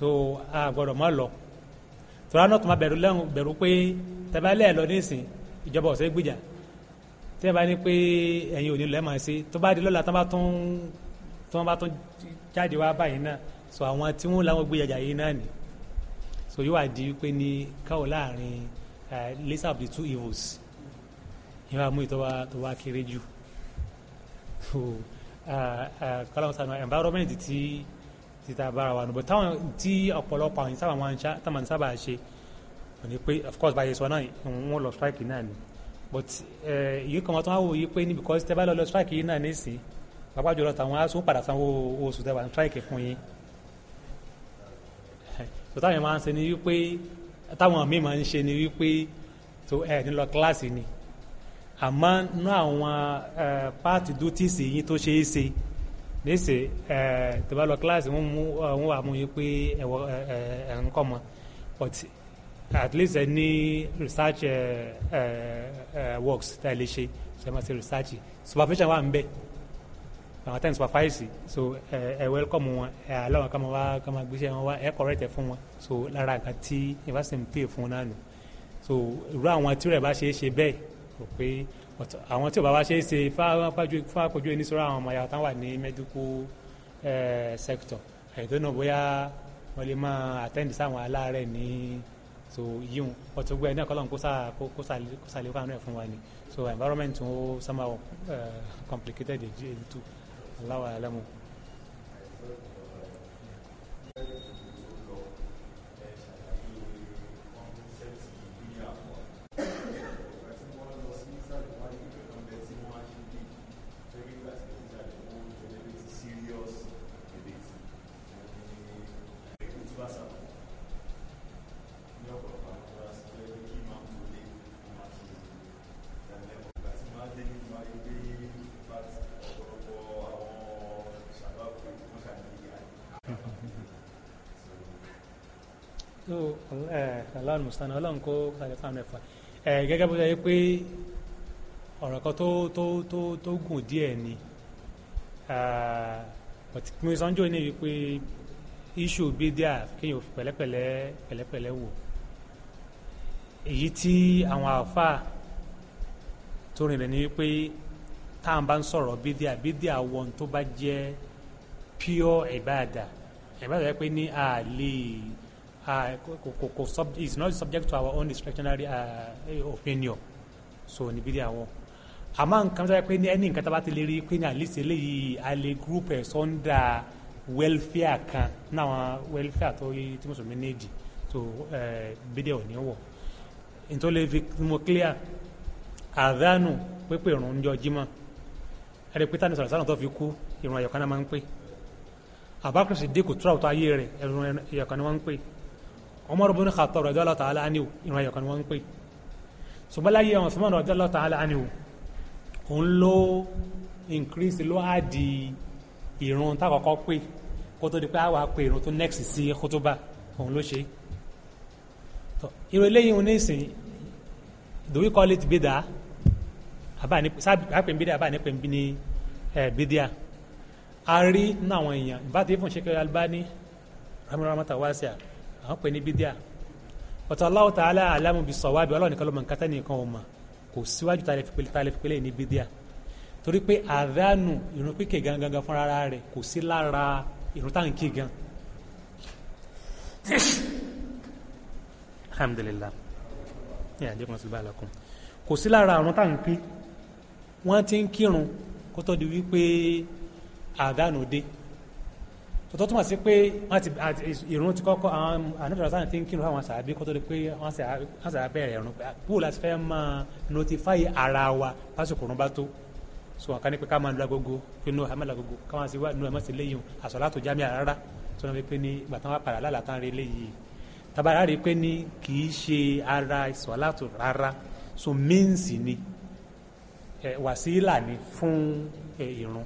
so a gbọ́dọ̀ lọ tọ́lá náà tó máa bẹ̀rù lẹ́hùn bẹ̀rù pé tẹ́bálẹ̀ lọ nísìn ìjọba ọ̀sẹ̀ gbìjà tẹ́ bá ní pé ẹ̀yin ò ní lọ́ọ́ máa ṣe tó bá di lọ́la tó bá tún tó bá tún jáde wá báyìí náà so àwọn tí wọ́n láwọn gbìyànjà yìí náà ni so yóò wá di pé ní káwọ́ láàrin list of the two evils yóò wá mú ìtọ́wá tó wá kéré jù kọ́lá wọn sànù environment ti títa bára wa nù bọ̀ táwọn tí ọ̀pọ̀lọpọ̀ àwọn sábà máa ń ṣá táwọn sábà ṣe kò ní pé of course báyìí sọ náà wọ́n lọ strike náà ni but èyí kan tó wá wò yí pé ní because tẹ́ bá lọ lọ strike yìí náà nísìn pàápàá jùlọ tàwọn aṣọ padà sanwó oṣù tẹ́ strike fún yín so táwọn máa ń ṣe ni wípé táwọn míì máa ń ṣe ni wípé so ẹ ní lọ kíláàsì ni àmọ́ nú àwọn pààtì dútíìsì yín tó ṣeé ṣe níṣe ẹ tó bá lọ kíláàsì wọn mú wọn wà mú yín pé ẹwọ ẹ ẹ ń but at least ẹ research ẹ eh, ẹ eh, eh, works tá ẹ lè so ṣe máa ṣe research supervision wà ń bẹ àwọn tẹ́ni supervise so ẹ ẹ welcome wọn ẹ aláwọn kan máa wá kan máa gbéṣẹ́ wọn wá correct ẹ fún so lára nǹkan tí university ń pè fún náà nù so irú àwọn tí rẹ̀ bá ṣe é ṣe bẹ́ẹ̀ àwọn tí ò bá wá ṣe é ṣe fáwọ́pájú ẹni sọ́rọ́ àwọn ọmọ ya táwọn wà ní medical sector àìtọ́ náà bóyá wọ́n lè máa attend sáwọn aláàárẹ̀ ní so yíwọn ọ̀tún gbé ẹni àkọ́lọ́n kó sàlékọ́ àánú ẹ̀ fún wa ni so environment ó somehow complicated èyí tù aláwọ̀ àlámù. mùsùlùmí ọlọ́run kó sàlẹ̀ fáwọn ẹ̀fà ẹ̀ gẹ́gẹ́ bó ṣe yẹ pé ọ̀rọ̀ kan tó tó tó tó gùn díẹ̀ ni mo sọ ń jò ní wípé iṣu bídíà kéèyàn fi pẹ̀lẹ́pẹ̀lẹ́ pẹ̀lẹ́pẹ̀lẹ́ wò èyí tí àwọn àáfàá tó rìnrìn ni wípé tá à ń bá ń sọ̀rọ̀ bídíà bídíà wọn tó bá jẹ́ pure ìbáàdà ìbáàdà pé ní àlè. Uh, is not subject to our own discretionary uh, opinion so níbi dí àwọn àmọ́ nǹkan tó yẹ pé ní ẹni nǹkan tó bá ti lè rí pé ní àlìsí eléyìí a lè group ẹ̀ sọ́ńdà welfare kan náwọn welfare tó yí tí mùsùlùmí nídìí tó bídẹ̀ ò ní wọ̀ nítorí lè fi mo clear àdánù pépè ìrùn ń jọ jímọ̀ ẹni pé tani sọ̀rọ̀ sánà tó fi kú ìrùn ẹ̀yọ̀kan náà máa ń pè àbákùrẹ́sì dínkù túrọ̀ tó ayé rẹ̀ ẹ̀rùn ẹ̀yọ̀kan náà máa ń pè Umar ibn Khattab radiyallahu ta'ala anhu ìran ẹ̀yọ̀kan ni wọ́n ń pè ṣùgbọ́n láyé àwọn Usman radiyallahu ta'ala anhu òun ló increase ló á di ìrun tákọ̀kọ́ pè kó tó di pé àwa pè ìrun tó next sí khutuba òun ló ṣe irú eléyìí òun nísìn do we call it bida àbá ní bida àbá ní pèmí ní bidia a rí nínú àwọn èèyàn ìbátẹ́ fún Sheikh Albani rahmanahu wa ta'ala àwọn pè ní bídíà ọ̀tọ̀ Allahu ta'ala alamu bis sawabi ọlọ́run nìkan ló mọ̀ nǹkan tẹ́nìkan ò mọ̀ kò síwájú tá a lè fi pélé ní bídíà torí pé àdánù ìrun pípé gangan fúnra rẹ̀ kò sí lára ìrun táwọn kì gan. kò sí lára àrùn táwọn kì wọ́n ti ń kírun kó tó di wípé àdánù dé tó túmọ̀ sí pé ìrún ti kọ́kọ́ àwọn ànádàrà sáà ti ń kírun fáwọn sàábí kó tó di pé wọ́n sàá bẹ̀rẹ̀ ẹ̀rùn pé kúrò láti fẹ́ máa notify ara wa pásìkò òrùn bá tó so àkànní pé ká máa lu agogo pé no àmàlà agogo ká máa sì wá nu àmọ́ sí léyìn àsọ̀lá tó jámẹ́ rárá tó náà pé ní ìgbà táwọn apàdà lálàá tán rí léyìí tabara rí pé ní kì í ṣe ara ìsọ̀lá tó rárá so means ni wàsílà ni fún ìrún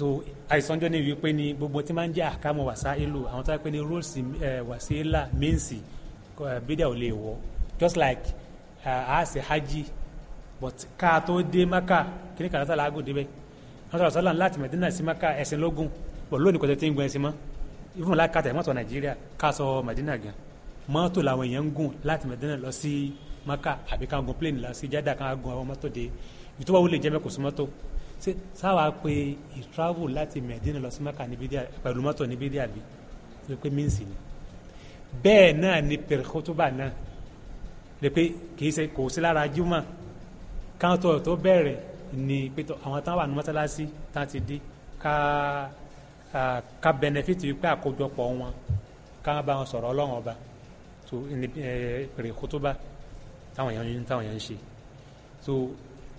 so àìsànjọ́ ni wípé ni gbogbo tí máa ń jẹ́ àkámọ̀ wàsá èlò àwọn tó wá pé ni rules eh, wàsí èlà mẹ́ǹsì eh, bídẹ̀ ò lè wọ̀ just like eh, a ṣe hajj but ká tó dé maka kí ni kàrátà làágùn débẹ̀ wọ́n sọ̀rọ̀ sọ́lá láti mẹ̀dínà sí maka ẹ̀sìn lógún bọ̀ lónìí kò tẹ́ tí ń gun ẹ̀sìn mọ́ ìfún làákàtà ìmọ̀tò nàìjíríà ká sọ mẹ̀dínà gan mọ́tò làwọn èèyàn ń gùn láti mẹ̀dínà lọ sí maka àbí ká gun plane lọ sí jádà ká gun àwọn mọ́tò dé ìtúwọ́ wọlé jẹ́ mẹ́kọ̀ọ́sí mọ́tò ṣé sáwà pé ìtravel láti Medina lọ sí Maka níbi díà pẹ̀lú mọ́tò níbi díà bí ló pé míǹsì ni bẹ́ẹ̀ náà ni pẹ̀rẹ̀kótóbà náà lè pé kìí ṣe kò sí lára júmọ̀ káńtọ̀ tó bẹ̀rẹ̀ ni pé àwọn táwọn àná mọ́sálásí tá ti dé ká ká benefit wípé àkójọpọ̀ wọn ká bá wọn sọ̀rọ̀ ọlọ́run ọba tó ní pẹ̀rẹ̀kótóbà táwọn èèyàn ń ṣe so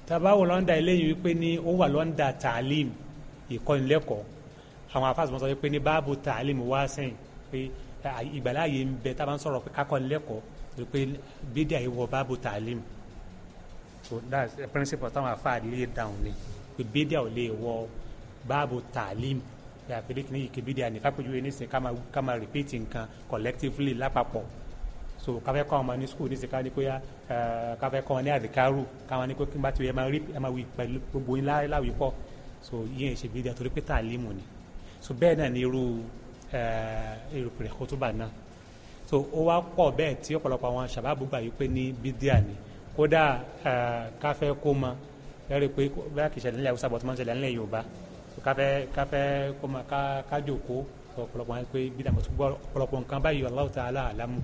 tabawo lọ́ndà eléyìí wípé ní ó wà lọ́ndà taalim ìkọ́nilẹ́kọ̀ọ́ àwọn afáàsùmọ́ sọ wípé ní báàbù taalim wá sẹ́yìn pé ìgbàláyè ń bẹ tábà ń sọ̀rọ̀ pé kákọ́nilẹ́kọ̀ọ́ wípé bídí àyè wọ báàbù taalim so that's the principle táwọn afáà lay down ni pé bídí àwọ̀ lè wọ báàbù taalim pé àpèdè kìnnìyí kébídí àní kápẹ́jú ẹni sìn ká máa repeat nǹkan collectively lápapọ̀. Like so káfẹ́ kọ́ ọmọ ni skul ní sika ní kóyá eh, káfẹ́ kọ́ ní àdìkárù káwọn ní kó kí n bá ti wí ẹ máa rí ẹ máa wí pẹ̀lú gbogbo yín láwí pọ̀ so yíyan ṣe bí díẹ̀ torí pé tàlímù ni so bẹ́ẹ̀ náà ní irú èròpèrè eh, kótóbà náà so o wa pọ̀ bẹ́ẹ̀ tí ọ̀pọ̀lọpọ̀ àwọn sàbábù gbà yí pé ní bídíà ni kódà eh, káfẹ́ kó mọ lẹ́rìí pé bẹ́ẹ̀ kì í ṣẹlẹ̀ nílẹ̀ haúsá bọ̀ tó máa ń ṣẹlẹ̀ nílẹ̀ yorùbá káfẹ́ káfẹ́ kó mọ kájòkó ọ̀pọ̀lọpọ̀ àwọn pé bídíà mọ̀ tó gbọ́ ọ̀pọ̀lọpọ̀ nǹkan báyìí Allahu ta'ala alamu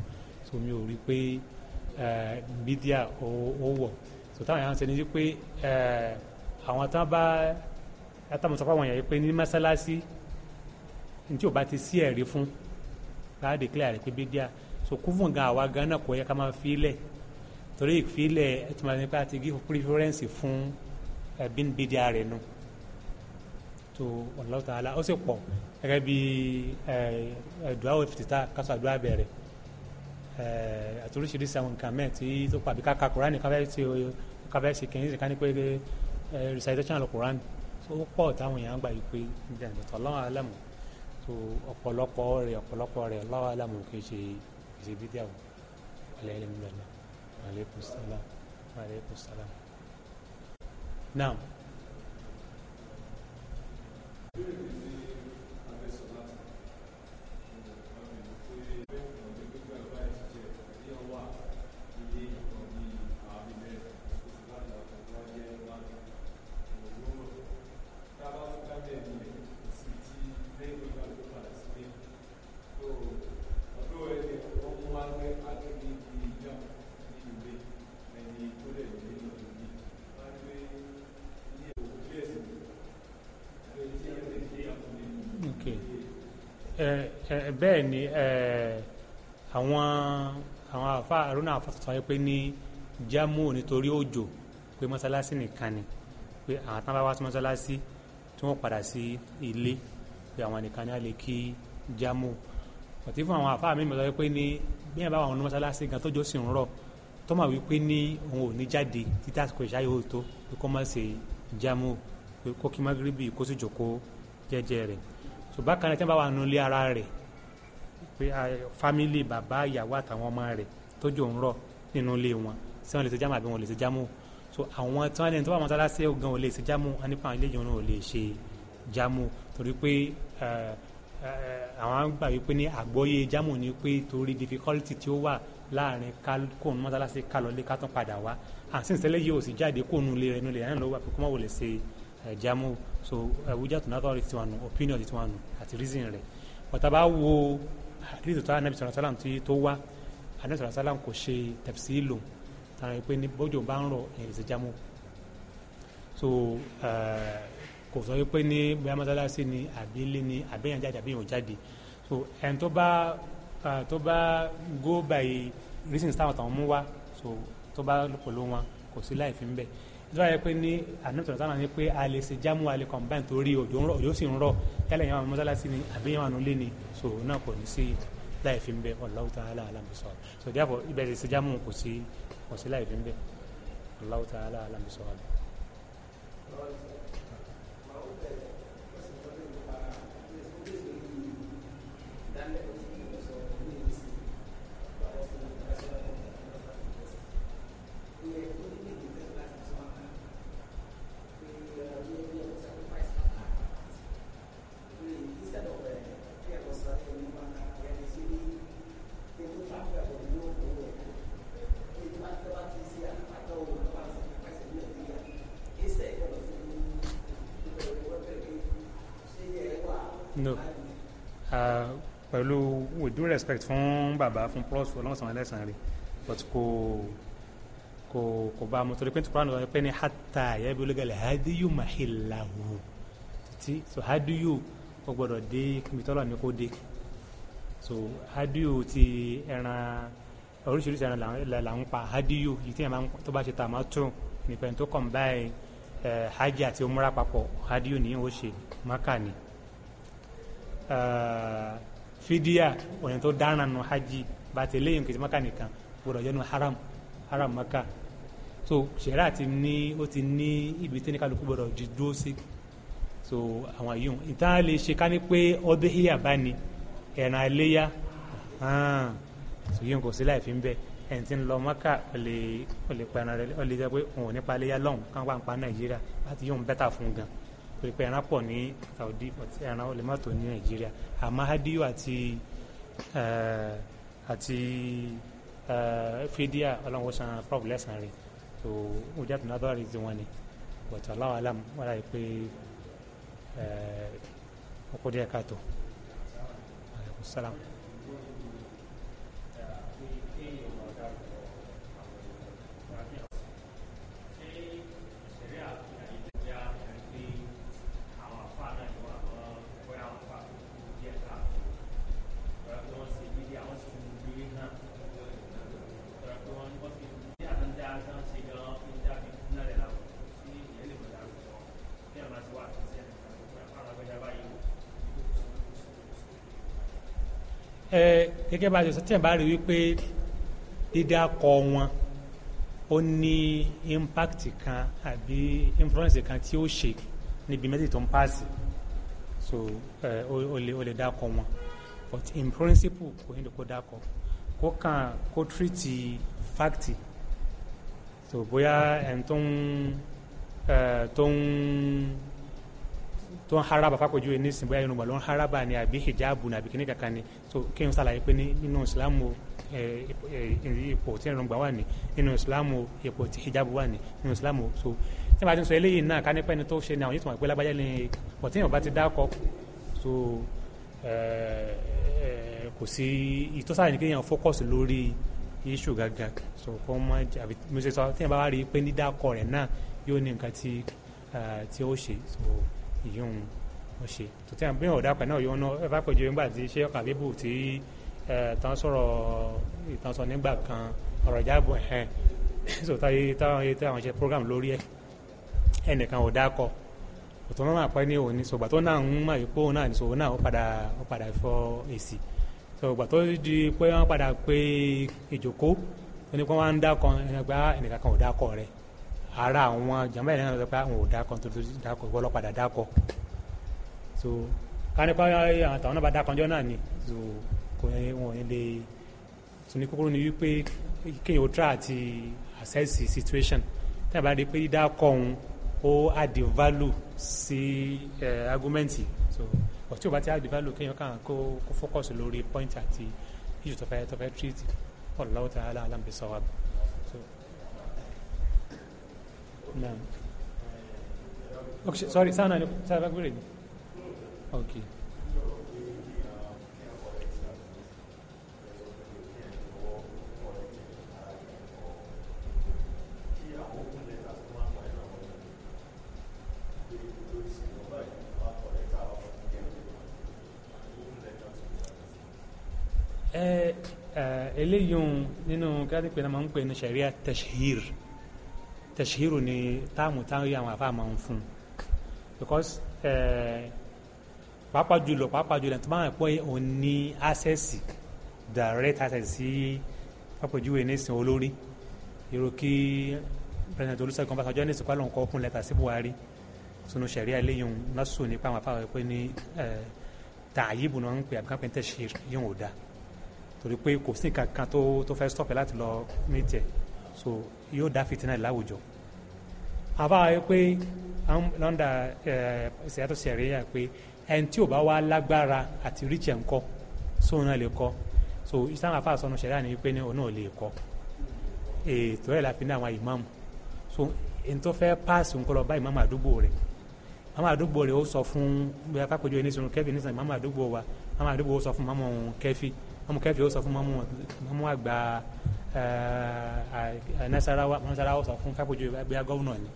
so mi ò rí pé bídíà ó wọ̀ so táwọn yàrá ń sẹ́ni wípé àwọn tán bá látàmú sọ fáwọn èèyàn pé ní mọ́sálásí ní tí ò bá ti sí ẹ̀rí fún bá a declare pé bídíà so kúfùn gan àwa gan náà kò yẹ ká máa fi lẹ̀ torí ìfilẹ̀ ẹ̀ ní pé a ti give preference fún bin bídíà rẹ̀ nù. No to Allah Ta'ala ó sì pọ̀ gẹ́gẹ́ bí du'a al-iftitah kásọ̀ àdúrà bẹ̀rẹ̀ Eh, àti oríṣiríṣi àwọn nǹkan mẹ́ẹ̀ tí tó pàbí káka kùránì káfẹ́ ti káfẹ́ ṣe kìíní ṣe ká ní pé eh, recitation of kùránì ó pọ̀ táwọn èèyàn gbà yìí pé ìdàgbàsọ ọlọ́run alámù tó ọ̀pọ̀lọpọ̀ rẹ̀ ọ̀pọ̀lọpọ̀ rẹ̀ ọlọ́run alámù kì í ṣe ìṣe bídí àwọn alẹ́lẹ́ mi lọ́la maaleykum salaam maaleykum salaam. naam. bẹ́ẹ̀ ni àwọn àwọn àfa àrùn àfa sọ pé ní jámù nítorí òjò pé mọ́sálásí nìkan ni pé àwọn tán bá wá sí mọ́sálásí tí wọ́n padà sí ilé pé àwọn nìkan ni a lè kí jámù ọ̀tí fún àwọn àfa mi mọ̀ pé ní bí wọ́n bá wà wọn mọ́sálásí gan tójó sì ń rọ̀ tó máa wípé ní òun ò ní jáde títí àsìkò ìṣáyé ó pé kó má ṣe jámù pé kó kí magrebi kó sì jòkó jẹ́jẹ́ ṣùgbọ́n kan tí wọ́n bá wà nulẹ̀ ara rẹ̀ pé fámìlì bàbá ìyàwó àtàwọn ọmọ rẹ̀ tójò ń rọ̀ nínú ilé wọn sí wọn lè ṣe jámù àbí wọn lè ṣe jámù so àwọn tí wọ́n lè tó bá wọn tọ́lá sí ogun ò lè ṣe jámù wọn nípa àwọn ilé ìjọba ò lè ṣe jámù torí pé àwọn gbà wípé ní àgbọ́yé jámù ni pé torí difficulty tí ó wà láàrin kóun mọ́tàlásí kálọ̀lé ká tún padà wá àǹsìn yìí ò sì jáde kóun lè rẹ̀ nulẹ̀ náà ló lè ṣe jámù so Abuja tó náà ti wà nù opinion ti wà nù àti reason rẹ̀ wọ́tá bá wo àdìsí tó anábì sọ̀rọ̀ sálàm tó wá anábì sọ̀rọ̀ sálàm kò ṣe tẹ̀sí lò tààrà pé ní bójú bá ń rọ ẹ̀yìn sí so uh, kò sọ pé ní bóyá mọ́sálásí ni àbí ilé ni àbẹ́yàn jáde àbẹ́yàn jáde so ẹni tó bá uh, tó bá go by reason táwọn táwọn mú wá so tó bá pẹ̀lú wọn kò sí láì fi ń bẹ̀ lọ́wọ́ yẹ pé ní ànátọ̀nà táwọn ní pé a lè ṣe jámù a lè combine torí òjò òjò sì ń rọ̀ yálẹ̀ yẹn wà mọ́sálásí ni àbí yẹn wà nù lé ni so náà kò ní sí láì fi ń bẹ Allahu ta'ala so therefore ibẹ̀ ṣe jámù kò sí kò sí láì fi ń bẹ Allahu ta'ala alam pẹ̀lú with due respect fún bàbá fún plus fún ọlọ́sàn ẹlẹ́sàn rẹ̀ but kò kò kò bá mo torí pé tukura nìkan pé ní hata ẹ̀yẹ́ bí ológalẹ̀ hadiyu mahilahu títí so hadiyu kò gbọdọ̀ dé kíbi tọ́lọ̀ kò dé so hadiyu ti ẹran oríṣiríṣi ẹran là ń pa hadiyu yìí tí ẹ̀ máa ń tó bá ṣe tàmátò nípa ẹni tó kàn báyìí eh, hajj àti umra papọ̀ hadiyu ni ó ṣe maka ni. Fidia òyìn tó dáràn nù hajj bàtẹ lẹ́yìn kìtì maka nìkan gbọdọ̀ yẹnu haram haram maka so sẹ̀rà ti ní ó ti ní ibi tí kálukú gbọdọ̀ jí dúró sí so àwọn yìí ìtàn lè ṣe ká ní pé ọdún híyà bá ní ẹ̀ràn àléyà sòyìn kò sí láì fi ń bẹ ẹni tí ń lọ mọ́kà ọ̀lẹ́ ọ̀lẹ́ pẹ̀ràn rẹ̀ ọ̀lẹ́ pé òun ò ní pa àléyà lọ́hùn-ún káwọn pa nàìjíríà láti yóò ń bẹ́tà fún gan torí pé ẹran pọ̀ ní Saudi ẹran olè má tó ní Nàìjíríà àmọ́ hadiyu àti àti fídíà ọlọ́run san prof lẹ́sàn-án rẹ̀ tó ó jẹ́ àtúndá rí ti wọn ni but aláwọ̀ alam wọ́n láyé pé ọkọ̀ díẹ̀ káàtó. Assalamu ẹ gẹ́gẹ́ bá a ṣe sọ tí ẹ̀ bá rí wípé dídákọ wọn ó ní impact kan àbí influence kan tí ó ṣe níbi mẹ́tẹ̀ẹ̀ tó ń paasi so ẹ ó lè ó lè dákọ wọn but in principle kò ní kó dákọ kó kàn kó treat fact so bóyá ẹ̀ tó ń tó ń tó ń haraba fàkójú ní sinbóyá yìí nùgbà ló ń haraba ni àbí hijabu ni àbí kíní kankan ni so kí n sàlàyé pé nínú ìsìlámù ipò tí ìrùngbà wà ní nínú ìsìlámù ipò tí hijabu wà ní nínú ìsìlámù so tí màá ti sọ eléyìí náà ká nípa ẹni tó ṣe ni àwọn yìí tó máa pé lágbájá ni pọ̀ tí ìwọ̀nba ti dákọ̀ so kò sí ìtọ́sára ní kéèyàn fókọ̀sì lórí iṣu gàgà so kó má àbí mo ṣe sọ tí ìyẹn bá wá rí i pé ní dákọ̀ rẹ̀ náà yóò ní nǹkan tí ó ṣe so ìyóhun ó ṣe tòtí àwọn bíyànjú dàpẹ̀ náà yóò ná ẹ bá pẹ̀jọ nígbà tí ṣé ọkàn bíbù tí tán sọ̀rọ̀ ìtàn sọ nígbà kan ọ̀rọ̀ ìjábọ̀ ẹ̀hẹ́n sọ táyé táwọn táwọn ṣe program lórí ẹ̀ ẹnìkan ò dákọ̀ òtún náà pẹ́ ní òní sọ̀gbà tó náà ń mọ̀ pé òun náà ní sọ̀gbà náà ó padà ó padà fọ èsì sọ̀gbà tó di pé wọ́n padà pé ìjòkó ó ní ń dákọ̀ ẹnìkan kan ò dákọ̀ rẹ̀ ara àwọn jàmbá yìí náà pé àwọn ò dákọ̀ nítorí dákọ̀ ìwọ ọlọ́padà dákọ̀ so kánípa àwọn tàwọn náà bá dákọ̀ náà ni so kò yẹ wọn ò lè tún kúkúrú ni wípé kéèyàn ó try àti assess the situation tí a bá rí pé dídákọ̀ òun ó add value sí argument so ọtí ò bá ti add value kéèyàn kàn kó focus lórí point àti issue tó fẹ́ tó fẹ́ treat Allahu ta'ala alam bisawab. نعم Okay, sorry, sana, sana, good. Okay. Eh, eh, eléyìí nínú kí á ti pè náà máa ń pè ní sharia tashhir tẹ̀síhìrù ni táàmù táwọn yìí àwọn àfa máa ń fún because eh, pàápàá jùlọ pàápàá jùlọ tó máa ń pọ́ òun ní access direct access sí pápẹ́júwe nísìnyí olórí irú kí president Olúṣẹ́gun Ọbásanjọ́ nísìnyí kọ́ ló ń kọ́ kún lẹ́tà sí Buhari sunu sẹ̀ríà lẹ́yìn násù nípa àwọn afáwọn pé ní eh, tààyíbù náà ń pè àbíkán pé ń ò dáa torí pé kò sí nǹkan tó fẹ́ stop láti lọ yóò dá fìtínà láwùjọ àbá wa pé lọ́ndà ṣèyàtọ̀ ṣẹ̀ríyà pé ẹni tí ò bá wá lágbára àti ríchẹ̀ ńkọ́ sóun náà lè kọ́ so islam afa sọnù ṣẹ̀ríyà ni pé òun náà lè kọ́ ètò ẹ̀ la fi ní àwọn ìmáàmù so ẹni tó fẹ́ páàsì ńkọ́ lọ bá ìmáàmù àdúgbò rẹ̀ mama àdúgbò rẹ̀ ó sọ fún bóyá kápẹ́jọ yẹn ní sunu kẹfì nísìnyí mama wa mama àdúgbò ó sọ fún mamu kẹfì mamu kẹfì ó sọ fún mamu mamu àgbà nasarawa nasarawa sọ fún kápẹ́jọ bí a gọ́vùnà ni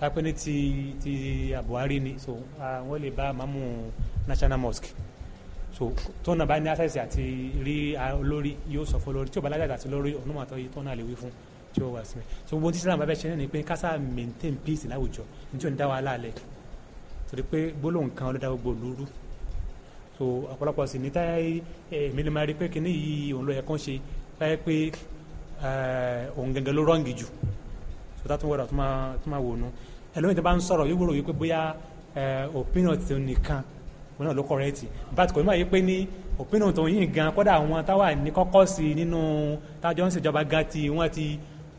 kápẹ́ ní ti ti Buhari ni so wọ́n lè bá mamu national mosque so tóun náà bá ní access àti rí olórí yóò sọ fún olórí tí o bá lágbàdà àti olórí ọ̀nà àtọ́ yìí tóun náà lè wí fún tí o wà sí mi so gbogbo tí Islam bá fẹ́ ṣe ní pé kásá maintain peace láwùjọ ní tí o ní dá wàhálà lẹ̀ torí pé gbólóhùn kan ló dá gbogbo lóru so ọ̀pọ̀lọpọ̀ sì ní táyà eh, èmi lè máa rí pé kíní yìí òun ló yẹ kán ṣe báyẹ̀ pé Eh, òun gẹ́gẹ́ ló rọ́ǹgì jù sọtá tó wọ́dọ̀ tó máa wò nu ẹlòmíì tó bá ń sọ̀rọ̀ yóò wúrò wípé bóyá eh, opinion tó nìkan wọn náà ló kọ̀rẹ́ẹ̀tì but kò ní máa yé pé ní opinion tó yìn gan kódà àwọn táwa ní kọ́kọ́ sí nínú tájọ́ ń ṣèjọba ga ti wọ́n ti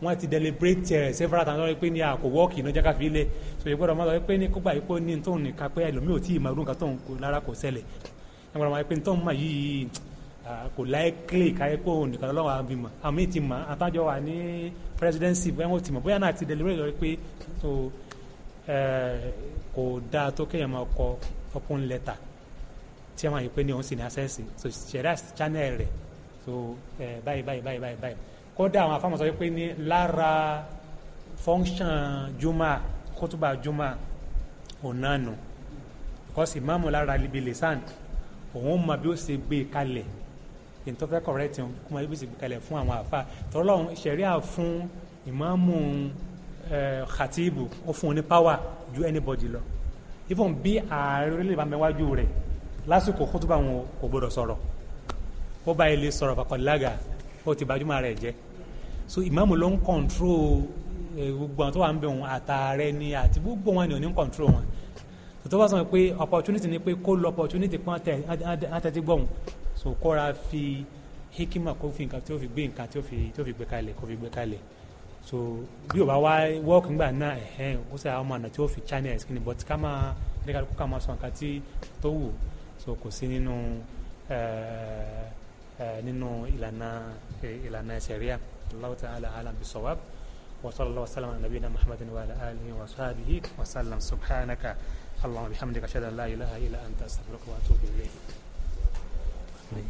wọ́n ti deliberate ẹ̀ eh, several times lọ́wọ́ pé ní àkó wọ́ọ̀kì iná jákàfi ilé so ìgbọ́dọ̀ máa lọ́wọ́ pé ní kó gbà yí pé ní tóun nìkan pé ẹlòmíì ò tí ì máa rú nǹkan tóun lára kò ṣẹlẹ̀ ẹgbọ́dọ̀ máa yí pé ní tóun máa yí kò láìkìlì káyé pé òun nìkan lọ́wọ́ àwọn bímọ àmì ti mọ̀ àtàjọ wà ní presidency bóyá wọn ti mọ̀ bóyá náà ti deliberate lórí pé so kò dáa tó kéèyàn máa kọ open letter tí wọ́n yìí pé ní òun sì ní access so ṣẹ̀dá channel rẹ̀ so báyìí báyìí báyìí báyìí báyìí kódà àwọn afámọ̀sọ yìí pé ní lára function juma kótóbà juma òun náà nù kọ́sì máàmù lára libi lè sàn òun mọ bí ó ṣe gbé kalẹ̀ tó fẹ́ correct wọn kó máa yíbi sì kalẹ̀ fún àwọn àfa tọ́lọ́hún ṣẹ̀ríà fún ìmáàmù khatibu ó fún un ní power ju anybody lọ even bí ààrẹ orílẹ̀ ìbámẹ́wájú rẹ̀ lásìkò kótóbá wọn kò gbọdọ̀ sọ̀rọ̀ ó bá ilé sọ̀rọ̀ fàkọ̀lága ó ti bájúmọ́ rẹ̀ jẹ́ so ìmáàmù ló ń kọ̀ǹtró gbogbo àwọn tó wà ń bẹ̀ wọn àtààrẹ ni àti gbogbo wọn ni ò ní kọ̀ǹtró wọn tó bá sọ pé opportunity ni pé kó lọ opportunity pé wọ́n tẹ̀ gbọ́ wọn so kọ́ra fi hikima kó fi nǹkan tí ó fi gbé nǹkan tí ó fi tí ó fi gbé kalẹ̀ kó fi gbé kalẹ̀ so bí o bá wá work ńgbà náà ẹ̀hẹ́n ó sì àwọn ọmọ àná tí ó fi channel ẹ̀ skinny but ká máa nígbà kó ká máa sọ nǹkan tí tó wù so kò sí nínú nínú ìlànà ìlànà ṣẹ̀ríà Allahu ta'ala a'lam bis-sawab wa sallallahu wa sallam ala nabiyyina Muhammadin wa ala alihi wa sahbihi wa sallam subhanaka Allahumma bihamdika ashhadu an la ilaha illa anta astaghfiruka wa atubu ilayk 所以。